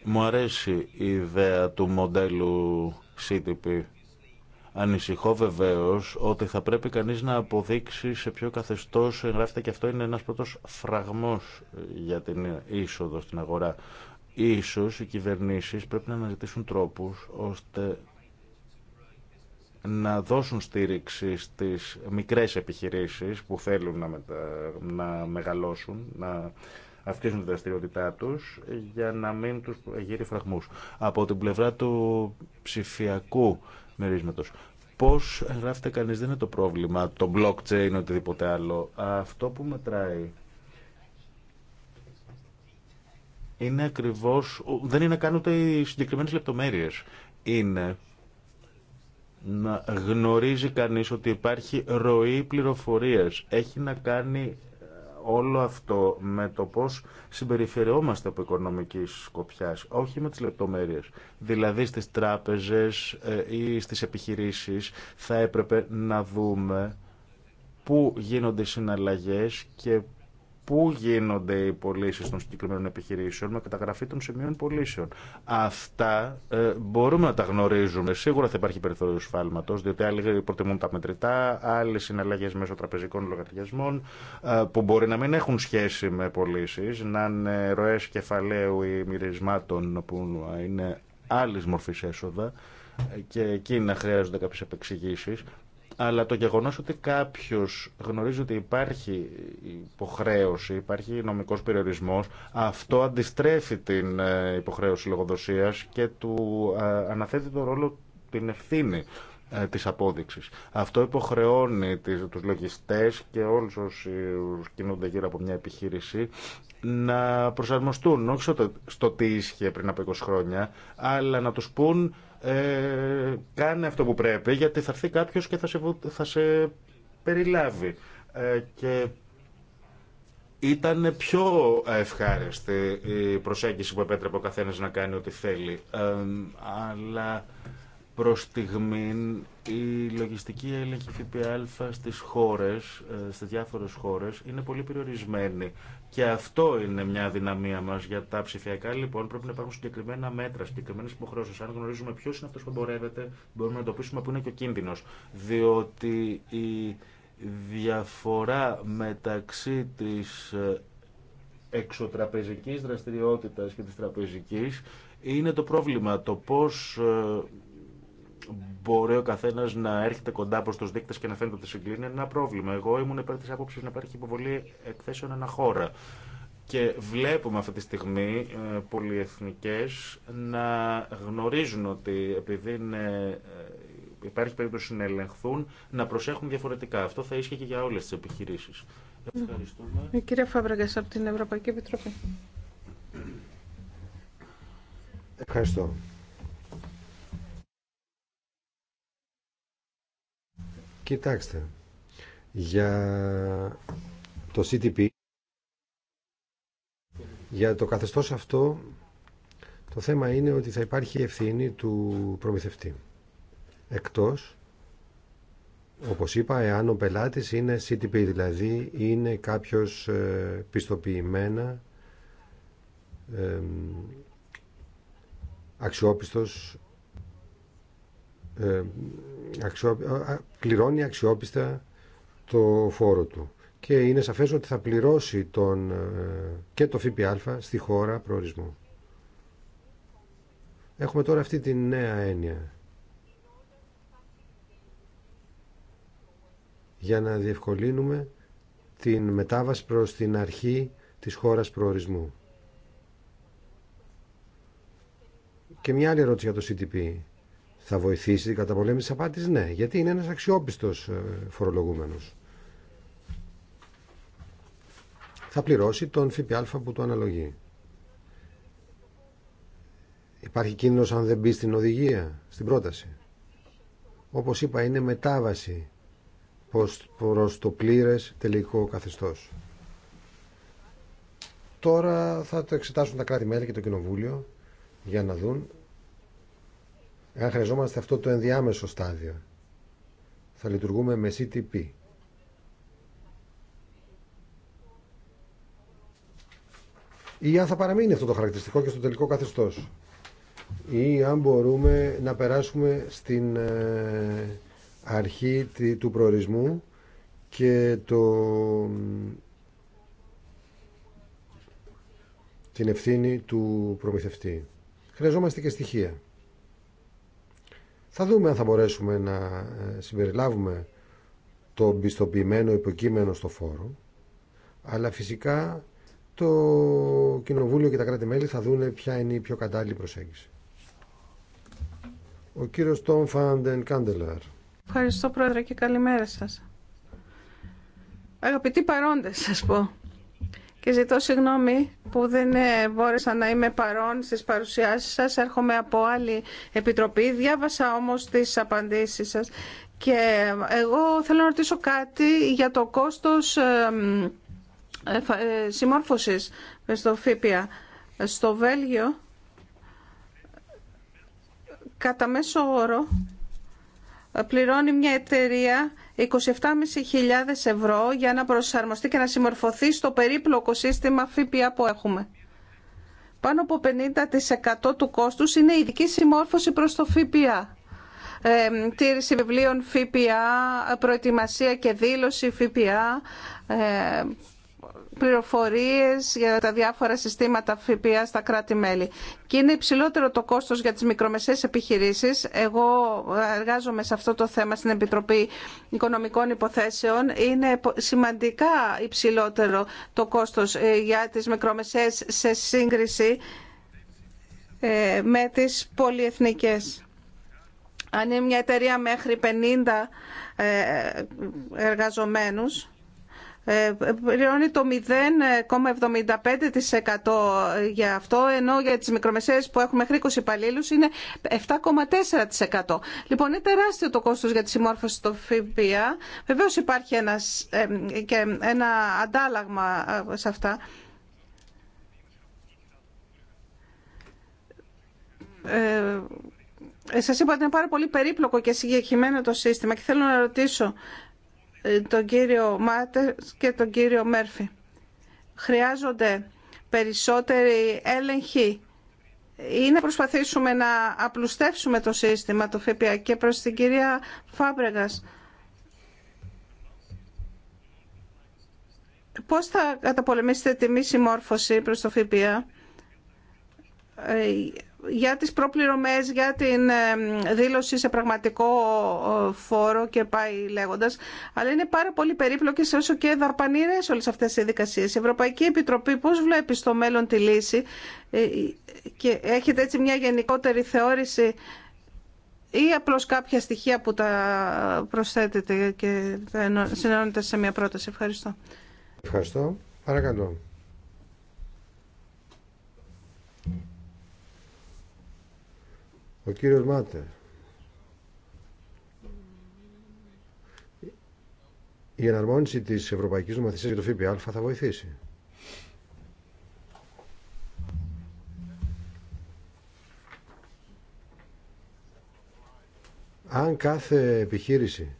Speaker 3: Μου αρέσει η ιδέα του μοντέλου CTP. Ανησυχώ βεβαίω ότι θα πρέπει κανείς να αποδείξει σε ποιο καθεστώς εγγράφεται και αυτό είναι ένας πρώτος φραγμός για την είσοδο στην αγορά. Ίσως οι κυβερνήσεις πρέπει να αναζητήσουν τρόπους ώστε να δώσουν στήριξη στις μικρές επιχειρήσεις που θέλουν να, να μεγαλώσουν, να αυξήσουν τη δραστηριότητά του για να μην τους γύρει φραγμούς. Από την πλευρά του ψηφιακού μερίσματος. Πώς γράφεται κανείς δεν είναι το πρόβλημα, το blockchain, οτιδήποτε άλλο. Αυτό που μετράει είναι ακριβώς, δεν είναι καν ούτε οι συγκεκριμένε λεπτομέρειες. Είναι να γνωρίζει κανείς ότι υπάρχει ροή πληροφορίας. Έχει να κάνει όλο αυτό με το πώς συμπεριφερόμαστε από οικονομικής σκοπιάς, όχι με τις λεπτομέρειες. Δηλαδή στις τράπεζες ε, ή στις επιχειρήσεις θα έπρεπε να δούμε πού γίνονται οι συναλλαγές και πού γίνονται οι πωλήσει των συγκεκριμένων επιχειρήσεων με καταγραφή των σημείων πωλήσεων. Αυτά ε, μπορούμε να τα γνωρίζουμε. Σίγουρα θα υπάρχει περιθώριο σφάλματο, διότι άλλοι προτιμούν τα μετρητά, άλλε συναλλαγέ μέσω τραπεζικών λογαριασμών, ε, που μπορεί να μην έχουν σχέση με πωλήσει, να είναι ροέ κεφαλαίου ή μυρισμάτων που είναι άλλη μορφή έσοδα ε, και εκεί να χρειάζονται κάποιε επεξηγήσει. Αλλά το γεγονό ότι κάποιο γνωρίζει ότι υπάρχει υποχρέωση, υπάρχει νομικό περιορισμό, αυτό αντιστρέφει την ε, υποχρέωση λογοδοσία και του ε, αναθέτει τον ρόλο, την ευθύνη ε, της απόδειξη. Αυτό υποχρεώνει του τους λογιστές και όλους όσοι κινούνται γύρω από μια επιχείρηση να προσαρμοστούν όχι στο, τι ίσχυε πριν από 20 χρόνια αλλά να τους πούν ε, κάνε αυτό που πρέπει γιατί θα έρθει κάποιο και θα σε, θα περιλάβει. Ε, και ήταν πιο ευχάριστη η προσέγγιση που επέτρεπε ο καθένας να κάνει ό,τι θέλει. Ε, αλλά Προ στιγμήν η λογιστική έλεγχη ΦΠΑ στις χώρες, ε, στις διάφορες χώρες είναι πολύ περιορισμένη και αυτό είναι μια δυναμία μα για τα ψηφιακά λοιπόν πρέπει να υπάρχουν συγκεκριμένα μέτρα, συγκεκριμένε υποχρεώσει. αν γνωρίζουμε ποιο είναι αυτό που εμπορεύεται μπορούμε να εντοπίσουμε που είναι και ο κίνδυνο, διότι η διαφορά μεταξύ τη ε, εξωτραπεζικής δραστηριότητας και της τραπεζικής είναι το πρόβλημα το πώς ε, μπορεί ο καθένα να έρχεται κοντά προ του δείκτε και να φαίνεται ότι συγκλίνει είναι ένα πρόβλημα. Εγώ ήμουν υπέρ τη άποψη να υπάρχει υποβολή εκθέσεων ανά χώρα. Και βλέπουμε αυτή τη στιγμή ε, πολυεθνικές να γνωρίζουν ότι επειδή είναι, ε, υπάρχει περίπτωση να ελεγχθούν, να προσέχουν διαφορετικά. Αυτό θα ίσχυε και για όλες τις επιχειρήσεις.
Speaker 2: Ευχαριστούμε. Η ε, κυρία Φάβραγκας από την Ευρωπαϊκή Επιτροπή.
Speaker 1: Ευχαριστώ. Κοιτάξτε, για το CTP, για το καθεστώς αυτό, το θέμα είναι ότι θα υπάρχει ευθύνη του προμηθευτή. Εκτός, όπως είπα, εάν ο πελάτης είναι CTP, δηλαδή είναι κάποιος ε, πιστοποιημένα ε, αξιόπιστος ε, πληρώνει αξιόπιστα το φόρο του και είναι σαφές ότι θα πληρώσει τον, ε, και το ΦΠΑ στη χώρα προορισμού. Έχουμε τώρα αυτή τη νέα έννοια. για να διευκολύνουμε την μετάβαση προς την αρχή της χώρας προορισμού. Και μια άλλη ερώτηση για το CTP. Θα βοηθήσει την καταπολέμηση της ναι, γιατί είναι ένας αξιόπιστος ε, φορολογούμενος. Θα πληρώσει τον ΦΠΑ που του αναλογεί. Υπάρχει κίνδυνος αν δεν μπει στην οδηγία, στην πρόταση. Όπως είπα, είναι μετάβαση προς το πλήρες τελικό καθεστώς. Τώρα θα το εξετάσουν τα κράτη-μέλη και το Κοινοβούλιο για να δουν εάν χρειαζόμαστε αυτό το ενδιάμεσο στάδιο, θα λειτουργούμε με CTP. Ή αν θα παραμείνει αυτό το χαρακτηριστικό και στο τελικό καθεστώς. Ή αν μπορούμε να περάσουμε στην ε, αρχή του προορισμού και το, την ευθύνη του προμηθευτή. Χρειαζόμαστε και στοιχεία. Θα δούμε αν θα μπορέσουμε να ε, συμπεριλάβουμε το πιστοποιημένο υποκείμενο στο φόρο, αλλά φυσικά το Κοινοβούλιο και τα κράτη-μέλη θα δούνε ποια είναι η πιο κατάλληλη προσέγγιση. Ο κύριος Τόμ Φάντεν Κάντελαρ.
Speaker 2: Ευχαριστώ Πρόεδρε και καλημέρα σας. Αγαπητοί παρόντες σας πω και ζητώ συγγνώμη που δεν ε, μπόρεσα να είμαι παρόν στις παρουσιάσεις σας. Έρχομαι από άλλη επιτροπή. Διάβασα όμως τις απαντήσεις σας. Και ε, εγώ θέλω να ρωτήσω κάτι για το κόστος ε, συμμόρφωσης στο ΦΥΠΙΑ. Στο Βέλγιο, κατά μέσο όρο, πληρώνει μια εταιρεία 27.500 ευρώ για να προσαρμοστεί και να συμμορφωθεί στο περίπλοκο σύστημα ΦΠΑ που έχουμε. Πάνω από 50% του κόστους είναι η ειδική συμμόρφωση προς το ΦΠΑ. Ε, τήρηση βιβλίων ΦΠΑ, προετοιμασία και δήλωση ΦΠΑ, ε, πληροφορίες για τα διάφορα συστήματα ΦΠΑ στα κράτη-μέλη. Και είναι υψηλότερο το κόστος για τις μικρομεσαίες επιχειρήσεις. Εγώ εργάζομαι σε αυτό το θέμα στην Επιτροπή Οικονομικών Υποθέσεων. Είναι σημαντικά υψηλότερο το κόστος ε, για τις μικρομεσαίες σε σύγκριση ε, με τις πολυεθνικές. Αν είναι μια εταιρεία μέχρι 50 ε, εργαζομένους, ε, πληρώνει το 0,75% για αυτό, ενώ για τις μικρομεσαίες που έχουν μέχρι 20 υπαλλήλους είναι 7,4%. Λοιπόν, είναι τεράστιο το κόστος για τη συμμόρφωση στο ΦΠΑ. Βεβαίως υπάρχει ένας, ε, και ένα αντάλλαγμα ε, σε αυτά. Ε, σας είπα ότι είναι πάρα πολύ περίπλοκο και συγκεκριμένο το σύστημα και θέλω να ρωτήσω τον κύριο Μάτες και τον κύριο Μέρφη. Χρειάζονται περισσότερη έλεγχη ή να προσπαθήσουμε να απλουστεύσουμε το σύστημα το ΦΠΑ και προς την κυρία Φάμπρεγας. Πώς θα καταπολεμήσετε τη μη συμμόρφωση προς το ΦΠΑ ε, για τις προπληρωμές, για την ε, δήλωση σε πραγματικό ε, φόρο και πάει λέγοντας. Αλλά είναι πάρα πολύ περίπλοκες όσο και δαρπανήρες όλες αυτές οι δικασίες. Η Ευρωπαϊκή Επιτροπή πώς βλέπει στο μέλλον τη λύση ε, και έχετε έτσι μια γενικότερη θεώρηση ή απλώς κάποια στοιχεία που τα προσθέτετε και τα συνενώνετε σε μια πρόταση. Ευχαριστώ.
Speaker 1: Ευχαριστώ. Παρακαλώ. Ο κύριος Μάτερ. Η εναρμόνιση της Ευρωπαϊκής Νομοθεσίας για το ΦΠΑ θα βοηθήσει. Αν κάθε επιχείρηση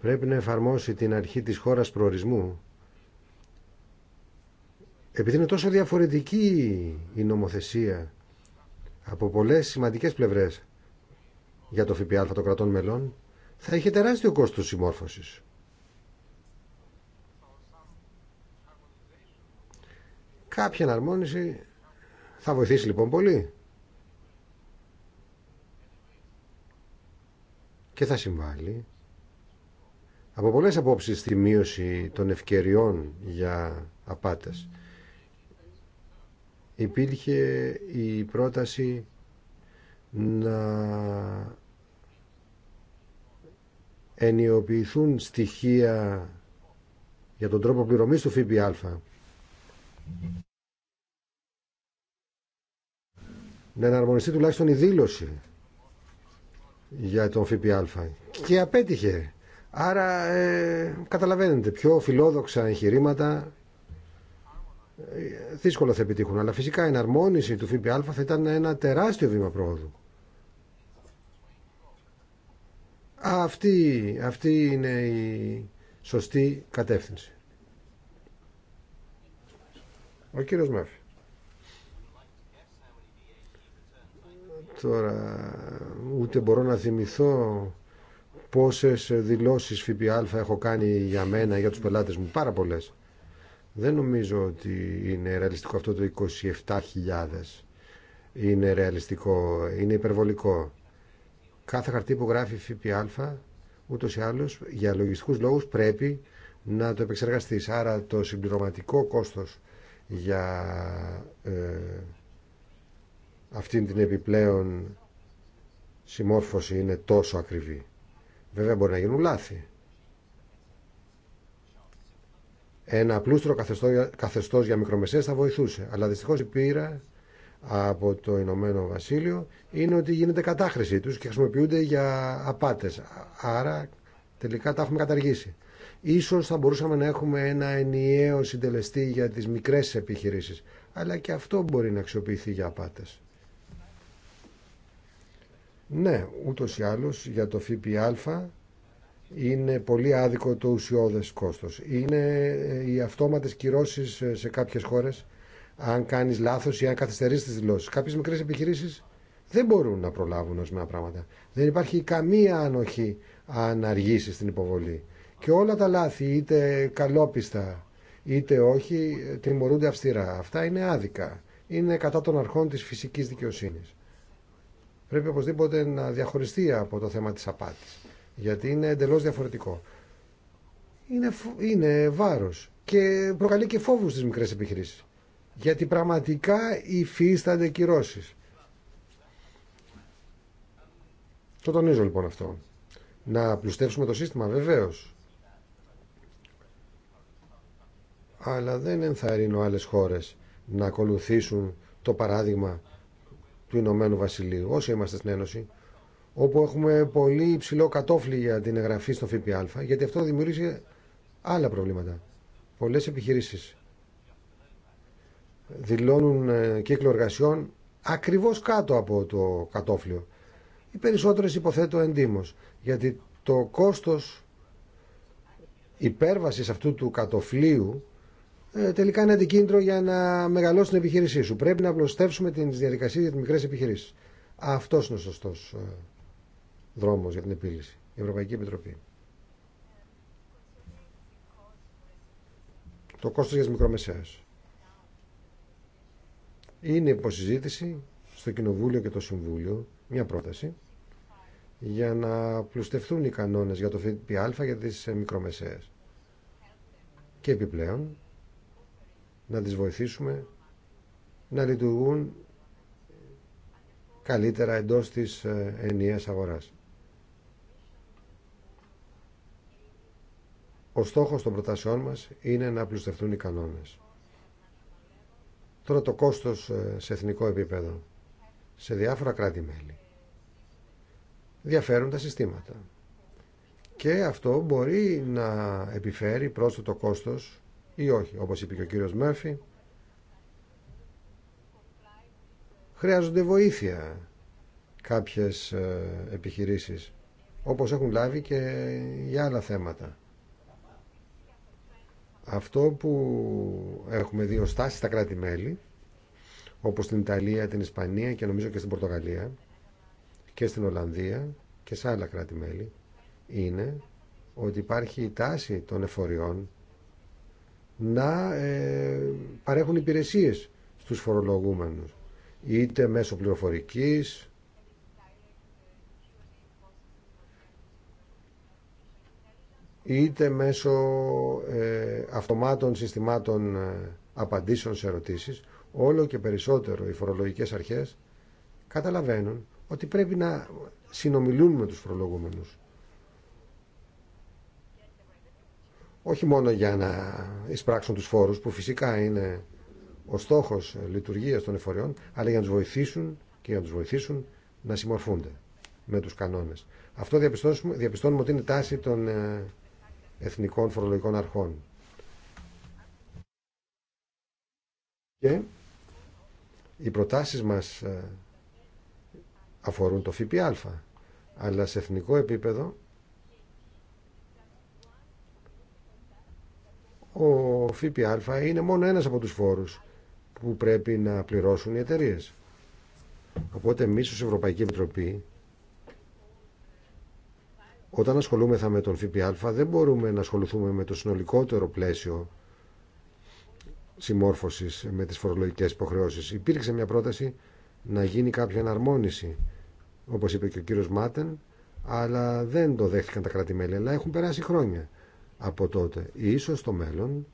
Speaker 1: πρέπει να εφαρμόσει την αρχή της χώρας προορισμού, επειδή είναι τόσο διαφορετική η νομοθεσία από πολλέ σημαντικές πλευρές για το ΦΠΑ των κρατών μελών θα είχε τεράστιο κόστος συμμόρφωσης. Κάποια εναρμόνιση θα βοηθήσει λοιπόν πολύ και θα συμβάλλει από πολλές απόψεις στη μείωση των ευκαιριών για απάτες υπήρχε η πρόταση να ενιοποιηθούν στοιχεία για τον τρόπο πληρωμής του ΦΠΑ. Να εναρμονιστεί τουλάχιστον η δήλωση για τον ΦΠΑ. Και απέτυχε. Άρα ε, καταλαβαίνετε πιο φιλόδοξα εγχειρήματα δύσκολα θα επιτύχουν. Αλλά φυσικά η εναρμόνιση του ΦΠΑ θα ήταν ένα τεράστιο βήμα πρόοδου. Αυτή, αυτή είναι η σωστή κατεύθυνση. Ο κύριος Μάφη. Τώρα ούτε μπορώ να θυμηθώ πόσες δηλώσεις ΦΠΑ έχω κάνει για μένα ή για τους πελάτες μου. Πάρα πολλές. Δεν νομίζω ότι είναι ρεαλιστικό αυτό το 27.000. Είναι ρεαλιστικό, είναι υπερβολικό. Κάθε χαρτί που γράφει ΦΠΑ, ούτως ή άλλως, για λογιστικού λόγους πρέπει να το επεξεργαστείς. Άρα το συμπληρωματικό κόστος για ε, αυτήν την επιπλέον συμμόρφωση είναι τόσο ακριβή. Βέβαια μπορεί να γίνουν λάθη. Ένα απλούστρο καθεστώ για μικρομεσαίε θα βοηθούσε. Αλλά δυστυχώ η πείρα από το Ηνωμένο Βασίλειο είναι ότι γίνεται κατάχρησή τους και χρησιμοποιούνται για απάτες. Άρα τελικά τα έχουμε καταργήσει. Ίσως θα μπορούσαμε να έχουμε ένα ενιαίο συντελεστή για τις μικρές επιχειρήσεις. Αλλά και αυτό μπορεί να αξιοποιηθεί για απάτες. Ναι, ούτως ή άλλως για το ΦΠΑ είναι πολύ άδικο το ουσιώδες κόστος. Είναι ε, οι αυτόματες κυρώσεις ε, σε κάποιες χώρες αν κάνεις λάθος ή αν καθυστερείς τις δηλώσεις. Κάποιες μικρές επιχειρήσεις δεν μπορούν να προλάβουν ορισμένα πράγματα. Δεν υπάρχει καμία ανοχή αν αργήσει στην υποβολή. Και όλα τα λάθη, είτε καλόπιστα είτε όχι, τιμωρούνται αυστηρά. Αυτά είναι άδικα. Είναι κατά των αρχών της φυσικής δικαιοσύνης. Πρέπει οπωσδήποτε να διαχωριστεί από το θέμα της απάτης γιατί είναι εντελώς διαφορετικό. Είναι, είναι βάρος και προκαλεί και φόβους στις μικρές επιχειρήσεις. Γιατί πραγματικά υφίστανται κυρώσεις. Το τονίζω λοιπόν αυτό. Να πλουστεύσουμε το σύστημα βεβαίως. Αλλά δεν ενθαρρύνω άλλες χώρες να ακολουθήσουν το παράδειγμα του Ηνωμένου Βασιλείου. Όσοι είμαστε στην Ένωση όπου έχουμε πολύ υψηλό κατόφλι για την εγγραφή στο ΦΠΑ, γιατί αυτό δημιούργησε άλλα προβλήματα. Πολλές επιχειρήσεις δηλώνουν ε, κύκλο εργασιών ακριβώς κάτω από το κατόφλιο. Οι περισσότερε υποθέτω εντύμω, γιατί το κόστος υπέρβαση αυτού του κατοφλίου ε, τελικά είναι αντικίνητρο για να μεγαλώσει την επιχείρησή σου. Πρέπει να απλωστεύσουμε τι διαδικασίε για τι μικρέ επιχειρήσει. Αυτό είναι ο σωστό ε, Δρόμο για την επίλυση. Η Ευρωπαϊκή Επιτροπή. Το κόστος για τις μικρομεσαίες. Είναι υποσυζήτηση στο Κοινοβούλιο και το Συμβούλιο μια πρόταση για να πλουστευτούν οι κανόνες για το ΦΠΑ για τις μικρομεσαίες. Και επιπλέον να τις βοηθήσουμε να λειτουργούν καλύτερα εντός της ε, ενιαίας αγοράς. Ο στόχος των προτάσεών μας είναι να απλουστευτούν οι κανόνες. Τώρα το κόστος ε, σε εθνικό επίπεδο, σε διάφορα κράτη-μέλη. Διαφέρουν τα συστήματα. Και αυτό μπορεί να επιφέρει πρόσθετο κόστος ή όχι. Όπως είπε και ο κύριος Μέρφυ, χρειάζονται βοήθεια κάποιες ε, επιχειρήσεις, όπως έχουν λάβει και για άλλα θέματα. Αυτό που έχουμε δύο στάσεις τάση στα κράτη-μέλη, όπως στην Ιταλία, την Ισπανία και νομίζω και στην Πορτογαλία και στην Ολλανδία και σε άλλα κράτη-μέλη, είναι ότι υπάρχει η τάση των εφοριών να ε, παρέχουν υπηρεσίες στους φορολογούμενους είτε μέσω πληροφορικής είτε μέσω ε, αυτομάτων συστημάτων ε, απαντήσεων σε ερωτήσεις, όλο και περισσότερο οι φορολογικές αρχές καταλαβαίνουν ότι πρέπει να συνομιλούν με τους φορολογούμενους. Όχι μόνο για να εισπράξουν τους φόρους, που φυσικά είναι ο στόχος ε, λειτουργίας των εφοριών, αλλά για να τους βοηθήσουν και να τους βοηθήσουν να συμμορφούνται με τους κανόνες. Αυτό διαπιστώνουμε ότι είναι τάση των εθνικών φορολογικών αρχών. Και οι προτάσεις μας ε, αφορούν το ΦΠΑ, αλλά σε εθνικό επίπεδο ο ΦΠΑ είναι μόνο ένας από τους φόρους που πρέπει να πληρώσουν οι εταιρείε. Οπότε εμείς ως Ευρωπαϊκή Επιτροπή όταν ασχολούμεθα με τον ΦΠΑ δεν μπορούμε να ασχοληθούμε με το συνολικότερο πλαίσιο συμμόρφωσης με τις φορολογικές υποχρεώσεις. Υπήρξε μια πρόταση να γίνει κάποια εναρμόνιση, όπως είπε και ο κύριος Μάτεν, αλλά δεν το δέχτηκαν τα κράτη-μέλη, αλλά έχουν περάσει χρόνια από τότε. Ίσως στο μέλλον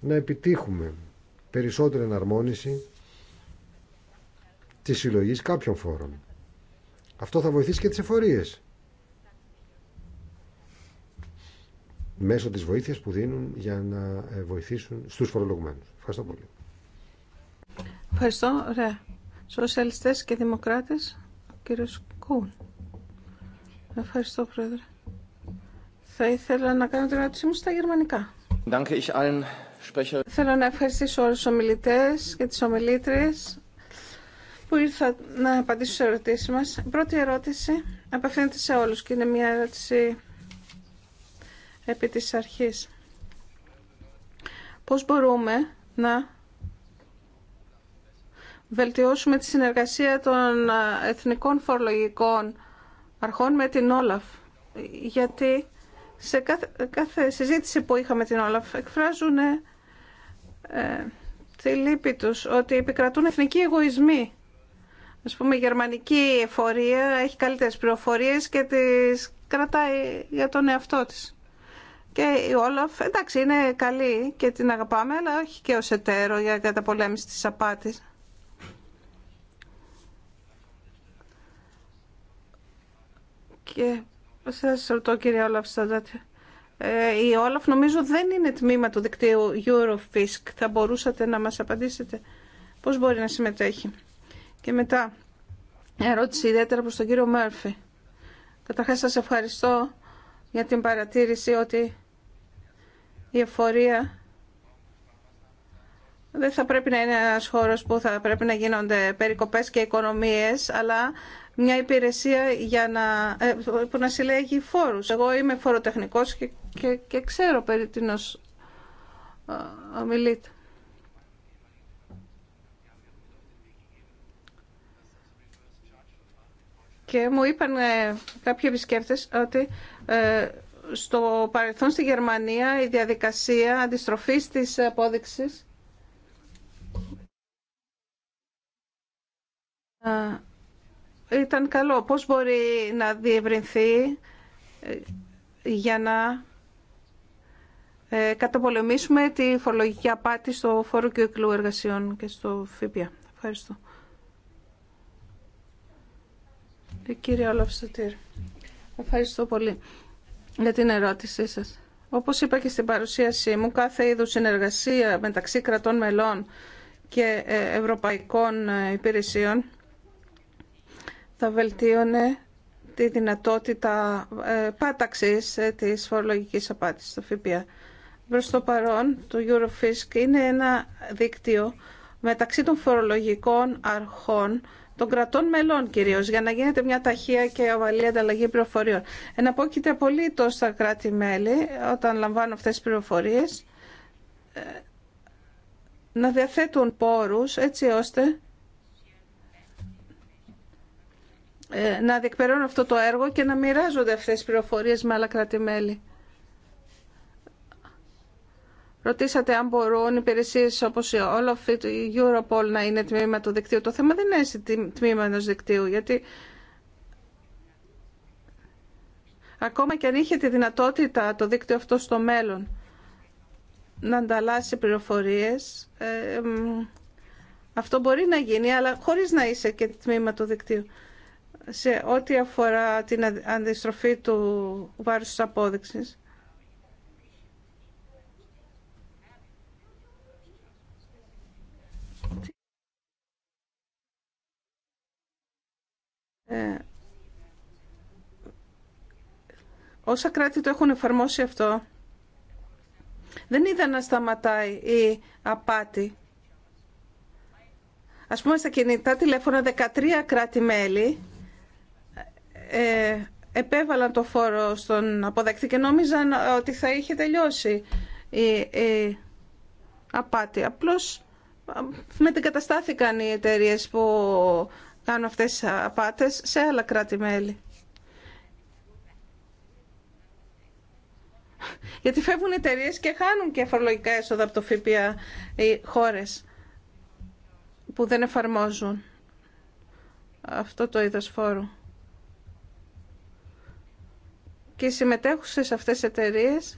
Speaker 1: να επιτύχουμε περισσότερη εναρμόνιση της συλλογής κάποιων φόρων. Αυτό θα βοηθήσει και τις εφορίες. Μέσω της βοήθειας που δίνουν για να ε, βοηθήσουν στους φορολογουμένους. Ευχαριστώ πολύ.
Speaker 2: Ευχαριστώ. Ωραία. Σοσιαλιστές και δημοκράτες, ο κύριος Κούν. Ευχαριστώ, Πρόεδρε. Θα ήθελα να κάνω την ερώτησή μου στα γερμανικά. Θέλω να ευχαριστήσω όλους τους ομιλητές και τις ομιλήτρες που ήρθα να απαντήσω στις ερωτήσεις μας. πρώτη ερώτηση απευθύνεται σε όλους και είναι μια ερώτηση επί της αρχής. Πώς μπορούμε να βελτιώσουμε τη συνεργασία των εθνικών φορολογικών αρχών με την Όλαφ. Γιατί σε κάθε, κάθε συζήτηση που είχαμε την Όλαφ εκφράζουν ε, τη λύπη τους ότι επικρατούν εθνικοί εγωισμοί Α πούμε η γερμανική εφορία έχει καλύτερε πληροφορίε και τι κρατάει για τον εαυτό τη. Και η Όλαφ, εντάξει, είναι καλή και την αγαπάμε, αλλά όχι και ως εταίρο για καταπολέμηση της απάτης. Και σας ρωτώ κύριε Όλαφ δάτια. Ε, η Όλαφ νομίζω δεν είναι τμήμα του δικτύου Eurofisk. Θα μπορούσατε να μας απαντήσετε πώς μπορεί να συμμετέχει. Και μετά, ερώτηση ιδιαίτερα προς τον κύριο Μέρφυ. Καταρχάς σας ευχαριστώ για την παρατήρηση ότι η εφορία δεν θα πρέπει να είναι ένας χώρος που θα πρέπει να γίνονται περικοπές και οικονομίες, αλλά μια υπηρεσία για να, ε, που να συλλέγει φόρους. Εγώ είμαι φοροτεχνικός και, και, και ξέρω περί τίνος ομιλείται. Ε, και μου είπαν ε, κάποιοι επισκέπτε ότι ε, στο παρελθόν στη Γερμανία η διαδικασία αντιστροφή της απόδειξη. Ε, ήταν καλό. Πώς μπορεί να διευρυνθεί για να καταπολεμήσουμε τη φορολογική απάτη στο φόρο κύκλου εργασιών και στο ΦΠΑ. Ευχαριστώ. Ε, κύριε Στοτήρ, ευχαριστώ πολύ για την ερώτησή σας. Όπως είπα και στην παρουσίασή μου, κάθε είδους συνεργασία μεταξύ κρατών μελών και ε, ευρωπαϊκών ε, υπηρεσιών θα βελτίωνε τη δυνατότητα πάταξης της φορολογικής απάτης στο ΦΠΑ. Προς το παρόν, το Eurofisk είναι ένα δίκτυο μεταξύ των φορολογικών αρχών των κρατών μελών κυρίω για να γίνεται μια ταχεία και ομαλή ανταλλαγή πληροφοριών. Εναπόκειται απολύτω στα κράτη-μέλη, όταν λαμβάνουν αυτές τις πληροφορίε, ε, να διαθέτουν πόρους έτσι ώστε ε, να διεκπαιρώνουν αυτό το έργο και να μοιράζονται αυτές τις πληροφορίες με άλλα κράτη-μέλη. Ρωτήσατε αν μπορούν υπηρεσίε όπω η Olaf, η Europol να είναι τμήμα του δικτύου. Το θέμα δεν είναι τμήμα ενό δικτύου, γιατί ακόμα και αν είχε τη δυνατότητα το δίκτυο αυτό στο μέλλον να ανταλλάσσει πληροφορίες, ε, αυτό μπορεί να γίνει, αλλά χωρίς να είσαι και τμήμα του δικτύου. Σε ό,τι αφορά την αντιστροφή του βάρους της απόδειξης, Ε, όσα κράτη το έχουν εφαρμόσει αυτό, δεν είδα να σταματάει η απάτη. Ας πούμε στα κινητά τηλέφωνα 13 κράτη-μέλη ε, επέβαλαν το φόρο στον αποδεκτή και νόμιζαν ότι θα είχε τελειώσει η, η απάτη. Απλώς μετεγκαταστάθηκαν οι εταιρείες που κάνουν αυτές τις απάτες σε άλλα κράτη-μέλη. Γιατί φεύγουν εταιρείε και χάνουν και φορολογικά έσοδα από το ΦΠΑ οι χώρες που δεν εφαρμόζουν αυτό το είδος φόρου. Και οι συμμετέχουσες σε αυτές τις εταιρείες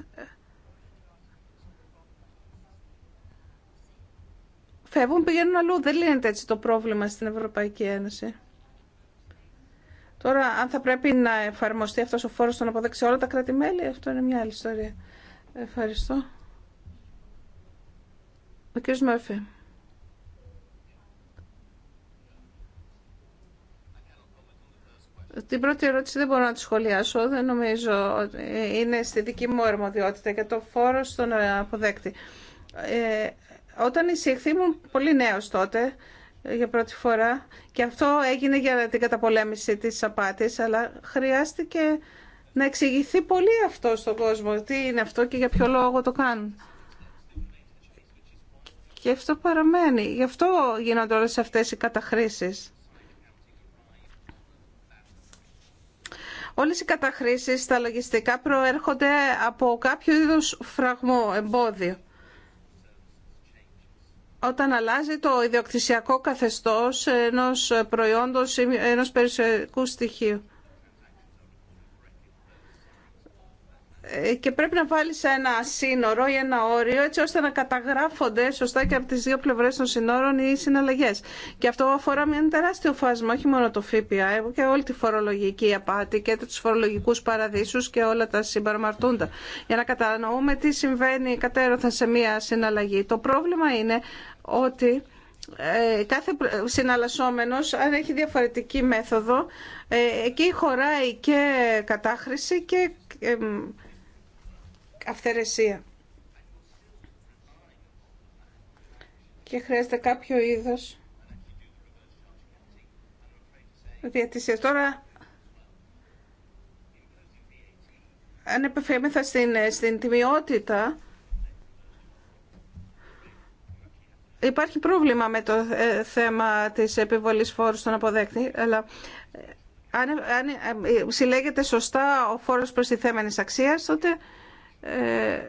Speaker 2: φεύγουν, πηγαίνουν αλλού. Δεν λύνεται έτσι το πρόβλημα στην Ευρωπαϊκή Ένωση. Τώρα, αν θα πρέπει να εφαρμοστεί αυτός ο φόρος τον αποδέξει όλα τα κράτη-μέλη, αυτό είναι μια άλλη ιστορία. Ευχαριστώ. Ο κ. Μέρφυ. Την πρώτη ερώτηση δεν μπορώ να τη σχολιάσω, δεν νομίζω ότι είναι στη δική μου αρμοδιότητα για το φόρο στον αποδέκτη. Ε, όταν εισήχθη ήμουν πολύ νέος τότε ε, για πρώτη φορά και αυτό έγινε για την καταπολέμηση της απάτης αλλά χρειάστηκε να εξηγηθεί πολύ αυτό στον κόσμο τι είναι αυτό και για ποιο λόγο το κάνουν. Και αυτό παραμένει. Γι' αυτό γίνονται όλες αυτές οι καταχρήσεις. Όλες οι καταχρήσεις στα λογιστικά προέρχονται από κάποιο είδος φραγμό, εμπόδιο όταν αλλάζει το ιδιοκτησιακό καθεστώς ενός προϊόντος ή ενός περιουσιακού στοιχείου. Ε, και πρέπει να βάλεις ένα σύνορο ή ένα όριο έτσι ώστε να καταγράφονται σωστά και από τις δύο πλευρές των σύνορων οι συναλλαγές. Και αυτό αφορά μια τεράστιο φάσμα, όχι μόνο το ΦΠΑ, ε, και όλη τη φορολογική απάτη και τους φορολογικούς παραδείσους και όλα τα συμπαραμαρτούντα. Για να κατανοούμε τι συμβαίνει κατέρωθα σε μια συναλλαγή. Το πρόβλημα είναι ότι ε, κάθε συναλλασσόμενος αν έχει διαφορετική μέθοδο εκεί χωράει και κατάχρηση και αυθαιρεσία. Και χρειάζεται κάποιο είδος διατησία Τώρα αν επεφέμεθα στην, στην τιμιότητα, υπάρχει πρόβλημα με το ε, θέμα της επιβολής φόρου στον αποδέκτη, αλλά ε, αν, ε, αν συλλέγεται σωστά ο φόρος προς τη θέμενης αξία, τότε ε,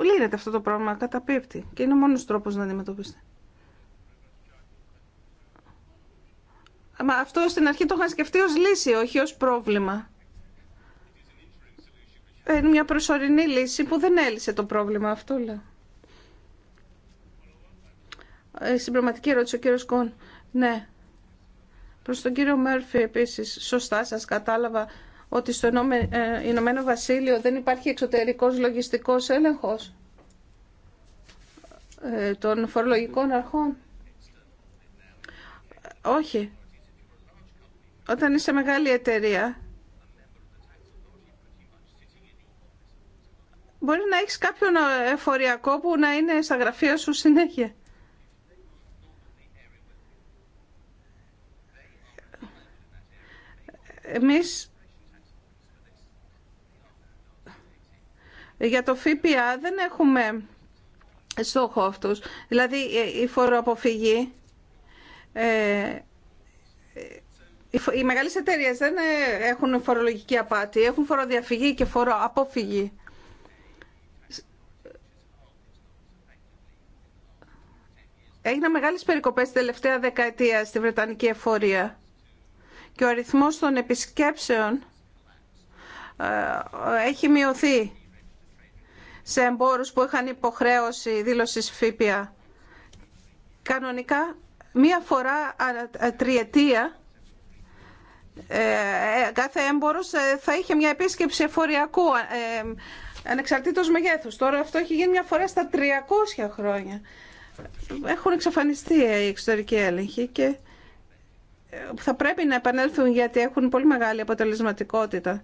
Speaker 2: λύνεται αυτό το πρόβλημα, καταπίπτει και είναι ο μόνος τρόπος να αντιμετωπίσετε. Μα αυτό στην αρχή το είχαν σκεφτεί ως λύση, όχι ως πρόβλημα. Ε, είναι μια προσωρινή λύση που δεν έλυσε το πρόβλημα αυτό, λέω. Ε, συμπληρωματική ερώτηση ο κύριος Κον. Ναι. Προς τον κύριο Μέρφυ επίσης, σωστά σας κατάλαβα ότι στο ε, Ηνωμένο Βασίλειο δεν υπάρχει εξωτερικός λογιστικός έλεγχος ε, των φορολογικών αρχών. Όχι. Όταν είσαι μεγάλη εταιρεία, μπορεί να έχεις κάποιον εφοριακό που να είναι στα γραφεία σου συνέχεια. Εμείς Για το ΦΠΑ δεν έχουμε στόχο αυτούς. Δηλαδή ε, η φοροαποφυγή, ε, οι μεγάλες εταιρείε δεν ε, έχουν φορολογική απάτη, έχουν φοροδιαφυγή και φοροαποφυγή. Έγιναν μεγάλες περικοπές τελευταία δεκαετία στη Βρετανική εφορία και ο αριθμός των επισκέψεων έχει μειωθεί σε εμπόρους που είχαν υποχρέωση δήλωσης ΦΥΠΙΑ Κανονικά, μία φορά τριετία ε, ε, κάθε έμπορος ε, θα είχε μια επίσκεψη εφοριακού ανεξαρτήτως μεγέθους. Τώρα αυτό έχει γίνει μια φορά στα 300 χρόνια. Έχουν εξαφανιστεί οι εξωτερικοί έλεγχοι και θα πρέπει να επανέλθουν γιατί έχουν πολύ μεγάλη αποτελεσματικότητα.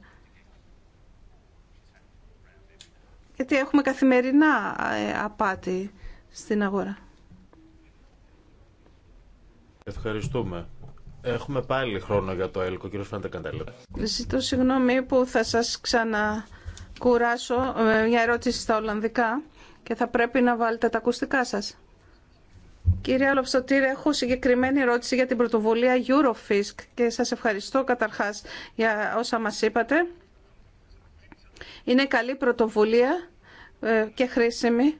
Speaker 2: γιατί έχουμε καθημερινά ε, απάτη στην αγορά.
Speaker 3: Ευχαριστούμε. Έχουμε πάλι χρόνο για το ΕΛΚΟ, κύριος Φαντακαντέλα.
Speaker 2: Ζητώ συγγνώμη που θα σας ξανακουράσω με μια ερώτηση στα Ολλανδικά και θα πρέπει να βάλετε τα ακουστικά σας. Κύριε Αλοψωτήρη, έχω συγκεκριμένη ερώτηση για την πρωτοβουλία Eurofisk και σας ευχαριστώ καταρχάς για όσα μας είπατε. Είναι καλή πρωτοβουλία ε, και χρήσιμη.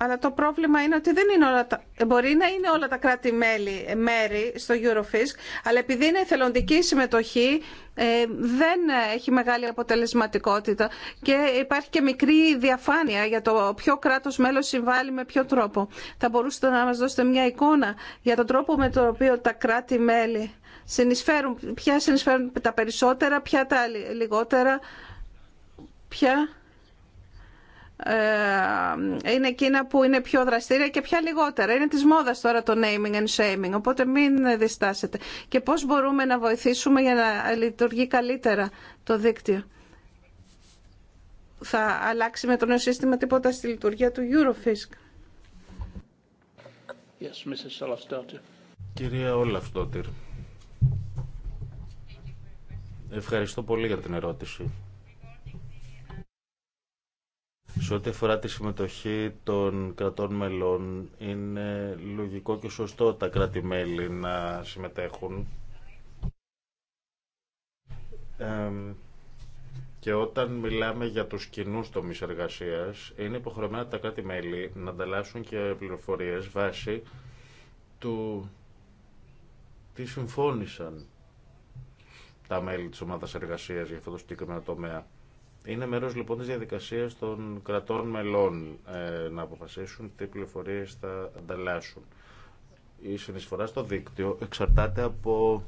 Speaker 2: Αλλά το πρόβλημα είναι ότι δεν είναι όλα τα... μπορεί να είναι όλα τα κράτη-μέλη μέρη στο Eurofisk, αλλά επειδή είναι θελοντική συμμετοχή ε, δεν έχει μεγάλη αποτελεσματικότητα και υπάρχει και μικρή διαφάνεια για το ποιο κράτος μέλος συμβάλλει με ποιο τρόπο. Θα μπορούσατε να μας δώσετε μια εικόνα για τον τρόπο με τον οποίο τα κράτη-μέλη συνεισφέρουν, ποια συνεισφέρουν τα περισσότερα, ποια τα λιγότερα, ποια ε, είναι εκείνα που είναι πιο δραστήρια και ποια λιγότερα. Είναι της μόδας τώρα το naming and shaming, οπότε μην διστάσετε. Και πώς μπορούμε να βοηθήσουμε για να λειτουργεί καλύτερα το δίκτυο. Θα αλλάξει με το νέο σύστημα τίποτα στη λειτουργία του Eurofisk.
Speaker 3: Yes, Mrs. Κυρία Όλαφ Ευχαριστώ πολύ για την ερώτηση. Σε ό,τι αφορά τη συμμετοχή των κρατών μελών, είναι λογικό και σωστό τα κράτη-μέλη να συμμετέχουν. και όταν μιλάμε για τους κοινού τομεί εργασία, είναι υποχρεωμένα τα κράτη-μέλη να ανταλλάσσουν και πληροφορίες βάσει του τι συμφώνησαν τα μέλη της ομάδας εργασίας για αυτό το συγκεκριμένο τομέα. Είναι μέρος λοιπόν της διαδικασίας των κρατών μελών ε, να αποφασίσουν τι πληροφορίε θα ανταλλάσσουν. Η συνεισφορά στο δίκτυο εξαρτάται από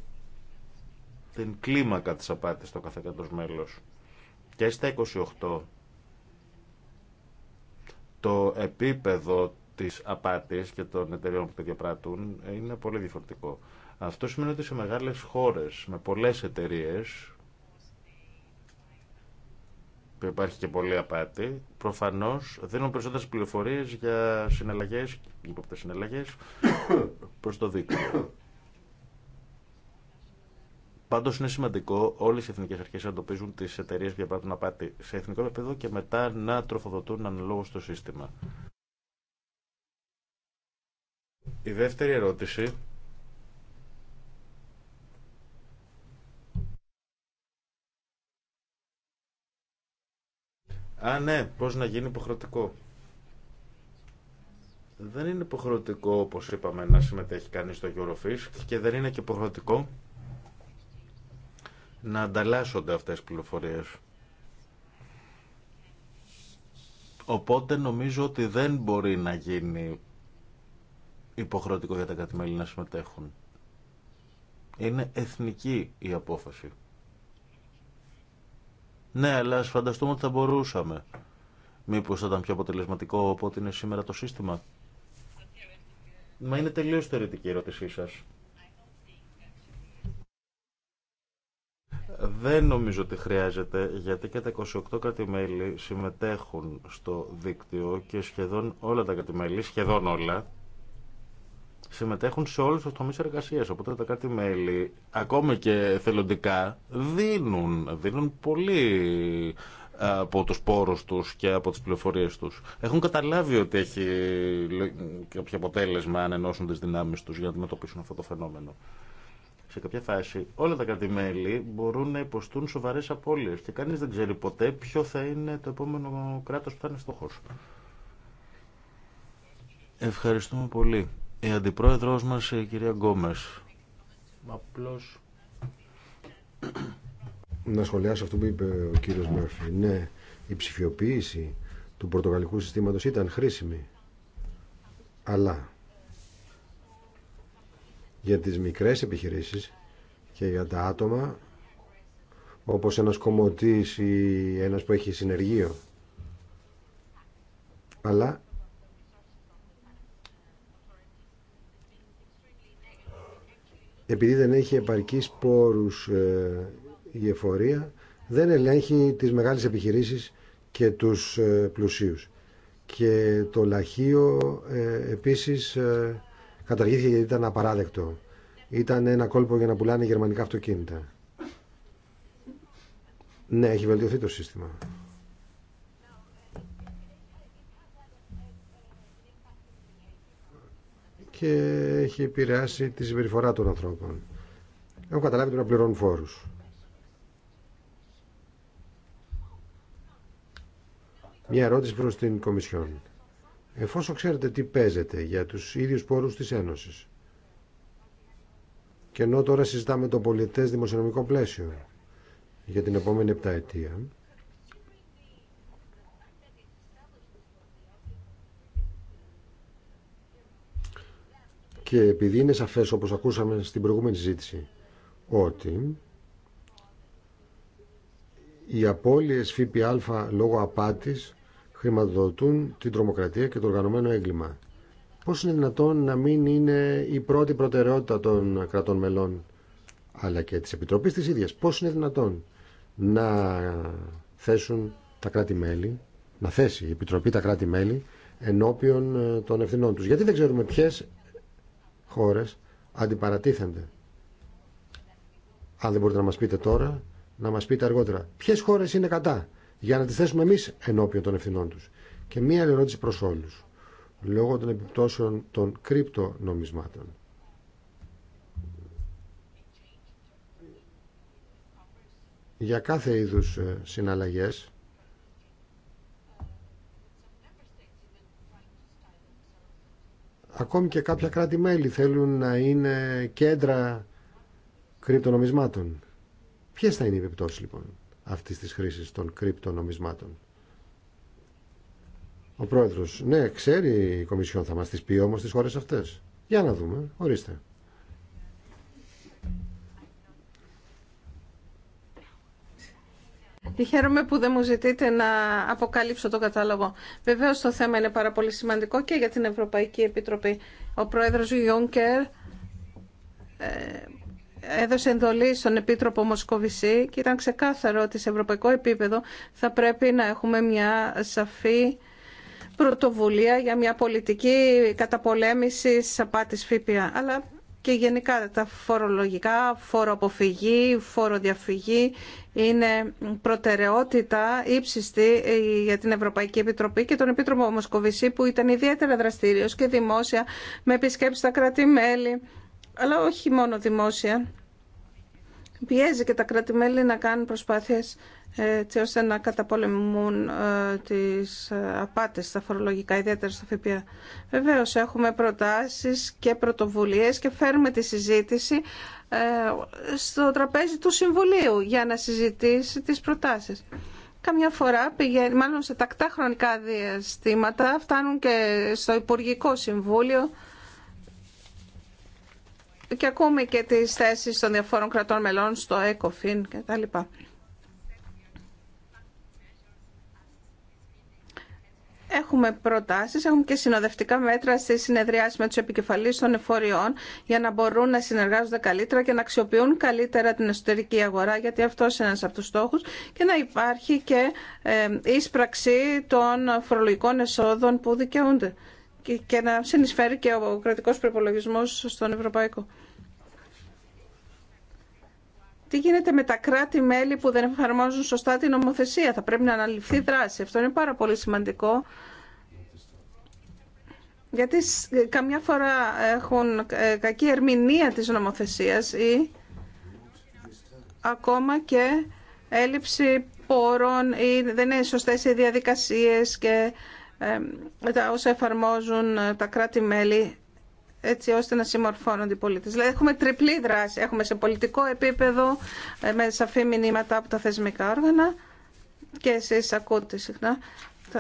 Speaker 3: την κλίμακα της απάτης στο κάθε μέλος. Και στα 28 το επίπεδο της απάτης και των εταιριών που το διαπράττουν είναι πολύ διαφορετικό. Αυτό σημαίνει ότι σε μεγάλες χώρες, με πολλές εταιρείες, που υπάρχει και πολλή απάτη, προφανώς δίνουν περισσότερες πληροφορίες για συναλλαγές, υπόπτες συναλλαγές, προς το δίκτυο. Πάντως είναι σημαντικό όλες οι εθνικές αρχές να εντοπίζουν τις εταιρείες που διαπράττουν απάτη σε εθνικό επίπεδο και μετά να τροφοδοτούν αναλόγως στο σύστημα. Η δεύτερη ερώτηση Α, ναι, πώς να γίνει υποχρεωτικό. Δεν είναι υποχρεωτικό, όπως είπαμε, να συμμετέχει κανείς στο Eurofisk και δεν είναι και υποχρεωτικό να ανταλλάσσονται αυτέ τις πληροφορίε. Οπότε νομίζω ότι δεν μπορεί να γίνει υποχρεωτικό για τα κατημέλη να συμμετέχουν. Είναι εθνική η απόφαση. Ναι, αλλά ας φανταστούμε ότι θα μπορούσαμε. Μήπως θα ήταν πιο αποτελεσματικό από ό,τι είναι σήμερα το σύστημα. Μα είναι τελείως θεωρητική η ερώτησή σας. Δεν νομίζω ότι χρειάζεται, γιατί και τα 28 κρατη συμμετέχουν στο δίκτυο και σχεδόν όλα τα κρατη σχεδόν όλα, συμμετέχουν σε όλου του τομεί εργασία. Οπότε τα κράτη-μέλη, ακόμη και θελοντικά, δίνουν, δίνουν πολύ ε, από τους πόρους τους και από τις πληροφορίες τους. Έχουν καταλάβει ότι έχει κάποιο αποτέλεσμα αν ενώσουν τις δυνάμεις τους για να αντιμετωπίσουν αυτό το φαινόμενο. Σε κάποια φάση όλα τα κράτη-μέλη μπορούν να υποστούν σοβαρές απώλειες και κανείς δεν ξέρει ποτέ ποιο θα είναι το επόμενο κράτος που θα είναι στόχος. Ευχαριστούμε πολύ η ε, αντιπρόεδρος μας, η ε, κυρία Γκόμες.
Speaker 1: Να σχολιάσω αυτό που είπε ο κύριος Μέρφυ. Ναι, η ψηφιοποίηση του πορτογαλικού συστήματος ήταν χρήσιμη. Αλλά για τις μικρές επιχειρήσεις και για τα άτομα όπως ένας κομμωτής ή ένας που έχει συνεργείο αλλά επειδή δεν έχει επαρκείς πόρους ε, η εφορία, δεν ελέγχει τις μεγάλες επιχειρήσεις και τους ε, πλουσίους. Και το λαχείο ε, επίσης ε, καταργήθηκε γιατί ήταν απαράδεκτο. Ήταν ένα κόλπο για να πουλάνε γερμανικά αυτοκίνητα. Ναι, έχει βελτιωθεί το σύστημα. και έχει επηρεάσει τη συμπεριφορά των ανθρώπων. Έχω καταλάβει τώρα πληρώνουν φόρους. Μια ερώτηση προς την Κομισιόν. Εφόσον ξέρετε τι παίζετε για τους ίδιους πόρους της Ένωσης και ενώ τώρα συζητάμε το πολιτές δημοσιονομικό πλαίσιο για την επόμενη ετία, Και επειδή είναι σαφές όπως ακούσαμε στην προηγούμενη συζήτηση ότι οι απώλειες ΦΠΑ λόγω απάτης χρηματοδοτούν την τρομοκρατία και το οργανωμένο έγκλημα. Πώς είναι δυνατόν να μην είναι η πρώτη προτεραιότητα των κρατών μελών αλλά και της Επιτροπής της ίδιας. Πώς είναι δυνατόν να θέσουν τα κράτη-μέλη, να θέσει η Επιτροπή τα κράτη-μέλη ενώπιον ε, των ευθυνών τους. Γιατί δεν ξέρουμε ποιες χώρες αντιπαρατίθενται. Αν δεν μπορείτε να μας πείτε τώρα, να μας πείτε αργότερα. Ποιες χώρες είναι κατά για να τις θέσουμε εμείς ενώπιον των ευθυνών τους. Και μία ερώτηση προς όλους. Λόγω των επιπτώσεων των κρυπτονομισμάτων. Για κάθε είδους ε, συναλλαγές Ακόμη και κάποια κράτη-μέλη θέλουν να είναι κέντρα κρυπτονομισμάτων. Ποιες θα είναι οι επιπτώσεις λοιπόν αυτής της χρήσης των κρυπτονομισμάτων. Ο πρόεδρος, ναι, ξέρει η Κομισιόν θα μας τις πει όμως τις χώρες αυτές. Για να δούμε, ορίστε.
Speaker 2: χαίρομαι που δεν μου ζητείτε να αποκαλύψω το κατάλογο. Βεβαίως το θέμα είναι πάρα πολύ σημαντικό και για την Ευρωπαϊκή Επιτροπή. Ο πρόεδρος Γιούνκερ ε, έδωσε εντολή στον Επίτροπο Μοσκοβισή και ήταν ξεκάθαρο ότι σε ευρωπαϊκό επίπεδο θα πρέπει να έχουμε μια σαφή πρωτοβουλία για μια πολιτική καταπολέμηση απάτης ΦΠΑ. Αλλά και γενικά τα φορολογικά, φοροαποφυγή, φοροδιαφυγή είναι προτεραιότητα ύψιστη ε, για την Ευρωπαϊκή Επιτροπή και τον Επίτροπο Μοσκοβισή που ήταν ιδιαίτερα δραστήριος και δημόσια με επισκέψεις στα κρατη αλλά όχι μόνο δημόσια. Πιέζει και τα κρατη να κάνουν προσπάθειες έτσι ώστε να καταπολεμούν ε, τις ε, απάτες στα φορολογικά, ιδιαίτερα στο ΦΠΑ. Βεβαίως έχουμε προτάσεις και πρωτοβουλίες και φέρουμε τη συζήτηση ε, στο τραπέζι του Συμβουλίου για να συζητήσει τις προτάσεις. Καμιά φορά, πηγαίνει, μάλλον σε τακτά χρονικά διαστήματα, φτάνουν και στο Υπουργικό Συμβούλιο και ακούμε και τις θέσεις των διαφόρων κρατών μελών στο ΕΚΟΦΗΝ κτλ. Έχουμε προτάσεις, έχουμε και συνοδευτικά μέτρα στη συνεδριάση με τους επικεφαλείς των εφοριών για να μπορούν να συνεργάζονται καλύτερα και να αξιοποιούν καλύτερα την εσωτερική αγορά γιατί αυτό είναι ένας από τους στόχους και να υπάρχει και ε, ίσπραξη των φορολογικών εσόδων που δικαιούνται και να συνεισφέρει και ο κρατικός προπολογισμό στον Ευρωπαϊκό. Τι γίνεται με τα κράτη-μέλη που δεν εφαρμόζουν σωστά την νομοθεσία. Θα πρέπει να αναλυφθεί δράση. Αυτό είναι πάρα πολύ σημαντικό. Γιατί ε, καμιά φορά έχουν ε, κακή ερμηνεία της νομοθεσίας ή ακόμα και έλλειψη πόρων ή δεν είναι σωστές οι διαδικασίες και ε, όσα εφαρμόζουν τα κράτη-μέλη έτσι ώστε να συμμορφώνονται οι πολίτες. Δηλαδή έχουμε τριπλή δράση. Έχουμε σε πολιτικό επίπεδο ε, με σαφή μηνύματα από τα θεσμικά όργανα και εσείς ακούτε συχνά.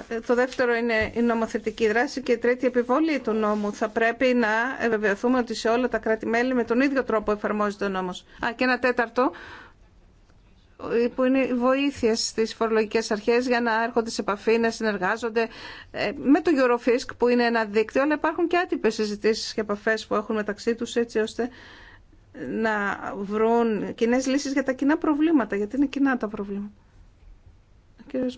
Speaker 2: Ε, το δεύτερο είναι η νομοθετική δράση και η τρίτη επιβολή του νόμου. Θα πρέπει να βεβαιωθούμε ότι σε όλα τα κράτη-μέλη με τον ίδιο τρόπο εφαρμόζεται ο νόμος. Α, και ένα τέταρτο που είναι οι βοήθειες στις φορολογικές αρχές για να έρχονται σε επαφή, να συνεργάζονται ε, με το Eurofisk που είναι ένα δίκτυο, αλλά υπάρχουν και άτυπες συζητήσεις και επαφέ που έχουν μεταξύ τους έτσι ώστε να βρουν κοινέ λύσει για τα κοινά προβλήματα, γιατί είναι κοινά τα προβλήματα. Κύριε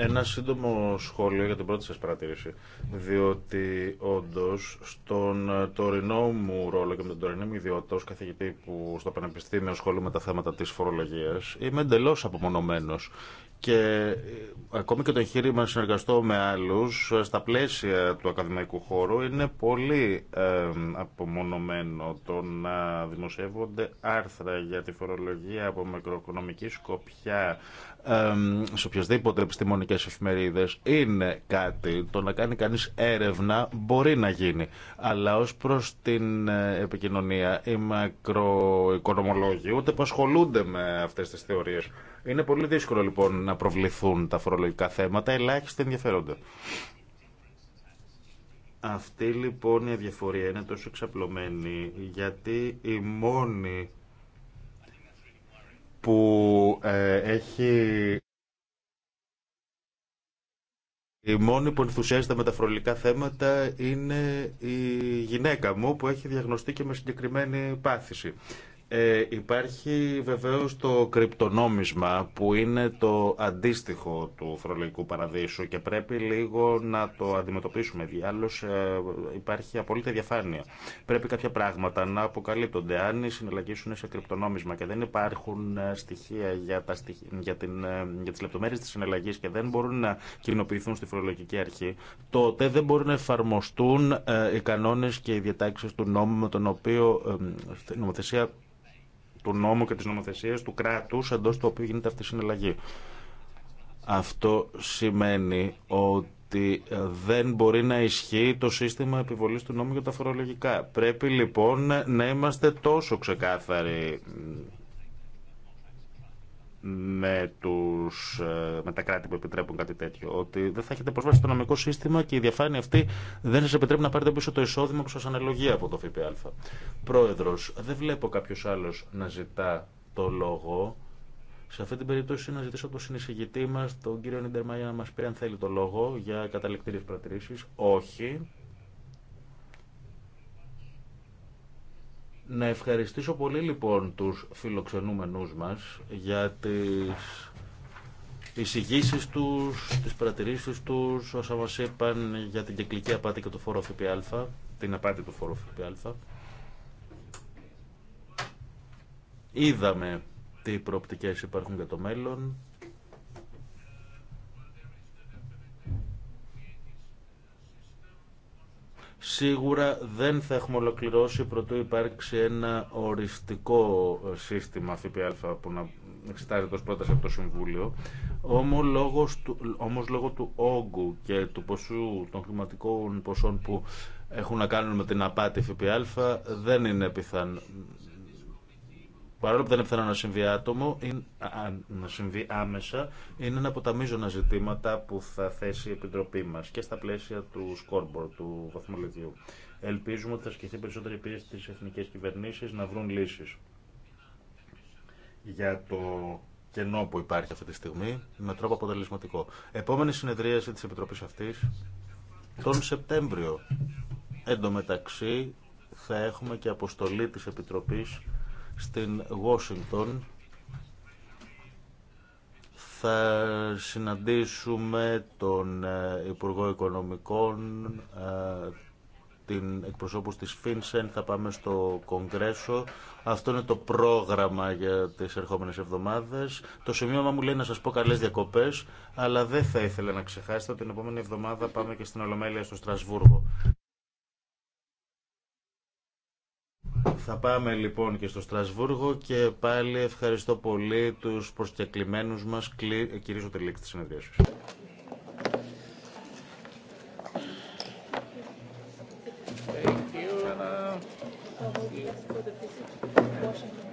Speaker 3: ένα σύντομο σχόλιο για την πρώτη σας παρατήρηση, διότι όντω στον ε, τωρινό μου ρόλο και με τον τωρινό μου ιδιότητα ως καθηγητή που στο Πανεπιστήμιο ασχολούμαι με τα θέματα της φορολογίας είμαι εντελώ απομονωμένος και ε, ακόμη και το εγχείρημα να συνεργαστώ με άλλους ε, στα πλαίσια του ακαδημαϊκού χώρου είναι πολύ ε, απομονωμένο το να δημοσιεύονται άρθρα για τη φορολογία από μικροοικονομική σκοπιά ε, σε οποιασδήποτε επιστημονικές εφημερίδες είναι κάτι, το να κάνει κανείς έρευνα μπορεί να γίνει αλλά ως προς την επικοινωνία οι μακροοικονομολόγοι ούτε που ασχολούνται με αυτές τις θεωρίες είναι πολύ δύσκολο λοιπόν να προβληθούν τα φορολογικά θέματα, ελάχιστα ενδιαφέρονται. Αυτή λοιπόν η αδιαφορία είναι τόσο εξαπλωμένη γιατί η μόνη που ε, έχει η μόνη που ενθουσιάζεται με τα φορολογικά θέματα είναι η γυναίκα μου που έχει διαγνωστεί και με συγκεκριμένη πάθηση. Ε, υπάρχει βεβαίως το κρυπτονόμισμα που είναι το αντίστοιχο του φορολογικού παραδείσου και πρέπει λίγο να το αντιμετωπίσουμε. Διάλλως ε, υπάρχει απόλυτη διαφάνεια. Πρέπει κάποια πράγματα να αποκαλύπτονται αν οι συναλλαγήσουν σε κρυπτονόμισμα και δεν υπάρχουν ε, στοιχεία για, τα στοιχ... για, την... Ε, για τις λεπτομέρειες της συναλλαγή και δεν μπορούν να κοινοποιηθούν στη φορολογική αρχή, τότε δεν μπορούν να εφαρμοστούν ε, οι κανόνες και οι διατάξει του νόμου με τον οποίο η νομοθεσία του νόμου και τη νομοθεσίας του κράτους εντό του οποίου γίνεται αυτή η συναλλαγή. Αυτό σημαίνει ότι δεν μπορεί να ισχύει το σύστημα επιβολής του νόμου για τα φορολογικά. Πρέπει λοιπόν να είμαστε τόσο ξεκάθαροι με, τους, ε, με τα κράτη που επιτρέπουν κάτι τέτοιο. Ότι δεν θα έχετε προσβάσει στο νομικό σύστημα και η διαφάνεια αυτή δεν σα επιτρέπει να πάρετε πίσω το εισόδημα που σα αναλογεί από το ΦΠΑ. Πρόεδρο, δεν βλέπω κάποιο άλλο να ζητά το λόγο. Σε αυτή την περίπτωση να ζητήσω από τον συνεισηγητή μα, τον κύριο Νίντερμαϊ, να μα πει αν θέλει το λόγο για καταληκτήριε παρατηρήσει. Όχι. Να ευχαριστήσω πολύ λοιπόν τους φιλοξενούμενούς μας για τις εισηγήσεις τους, τις παρατηρήσεις τους, όσα μας είπαν για την κυκλική απάτη και το φόρο ΦΠΑ, την απάτη του φόρου ΦΠΑ. Είδαμε τι προοπτικές υπάρχουν για το μέλλον Σίγουρα δεν θα έχουμε ολοκληρώσει πρωτού υπάρξει ένα οριστικό ε, σύστημα ΦΠΑ που να εξετάζεται ως πρόταση από το Συμβούλιο. Όμως λόγω, του, όμως λόγω του όγκου και του ποσού των χρηματικών ποσών που έχουν να κάνουν με την απάτη ΦΠΑ δεν είναι πιθανό παρόλο που δεν είναι να συμβεί άτομο, να συμβεί άμεσα, είναι ένα από τα μείζωνα ζητήματα που θα θέσει η Επιτροπή μα και στα πλαίσια του σκόρμπορ, του βαθμολογίου. Ελπίζουμε ότι θα σκεφτεί περισσότερη πίεση στι εθνικέ κυβερνήσει να βρουν λύσει για το κενό που υπάρχει αυτή τη στιγμή με τρόπο αποτελεσματικό. Επόμενη συνεδρίαση τη Επιτροπή αυτή τον Σεπτέμβριο. Εν τω μεταξύ θα έχουμε και αποστολή της Επιτροπής στην Washington θα συναντήσουμε τον ε, Υπουργό Οικονομικών, ε, την εκπροσώπους της Φίνσεν, θα πάμε στο Κογκρέσο. Αυτό είναι το πρόγραμμα για τις ερχόμενες εβδομάδες. Το σημείο μου λέει να σας πω καλές διακοπές, αλλά δεν θα ήθελα να ξεχάσετε ότι την επόμενη εβδομάδα πάμε και στην Ολομέλεια στο Στρασβούργο. Θα πάμε λοιπόν και στο Στρασβούργο και πάλι ευχαριστώ πολύ τους προσκεκλημένους μας. Ε, κυρίως τη λήξη της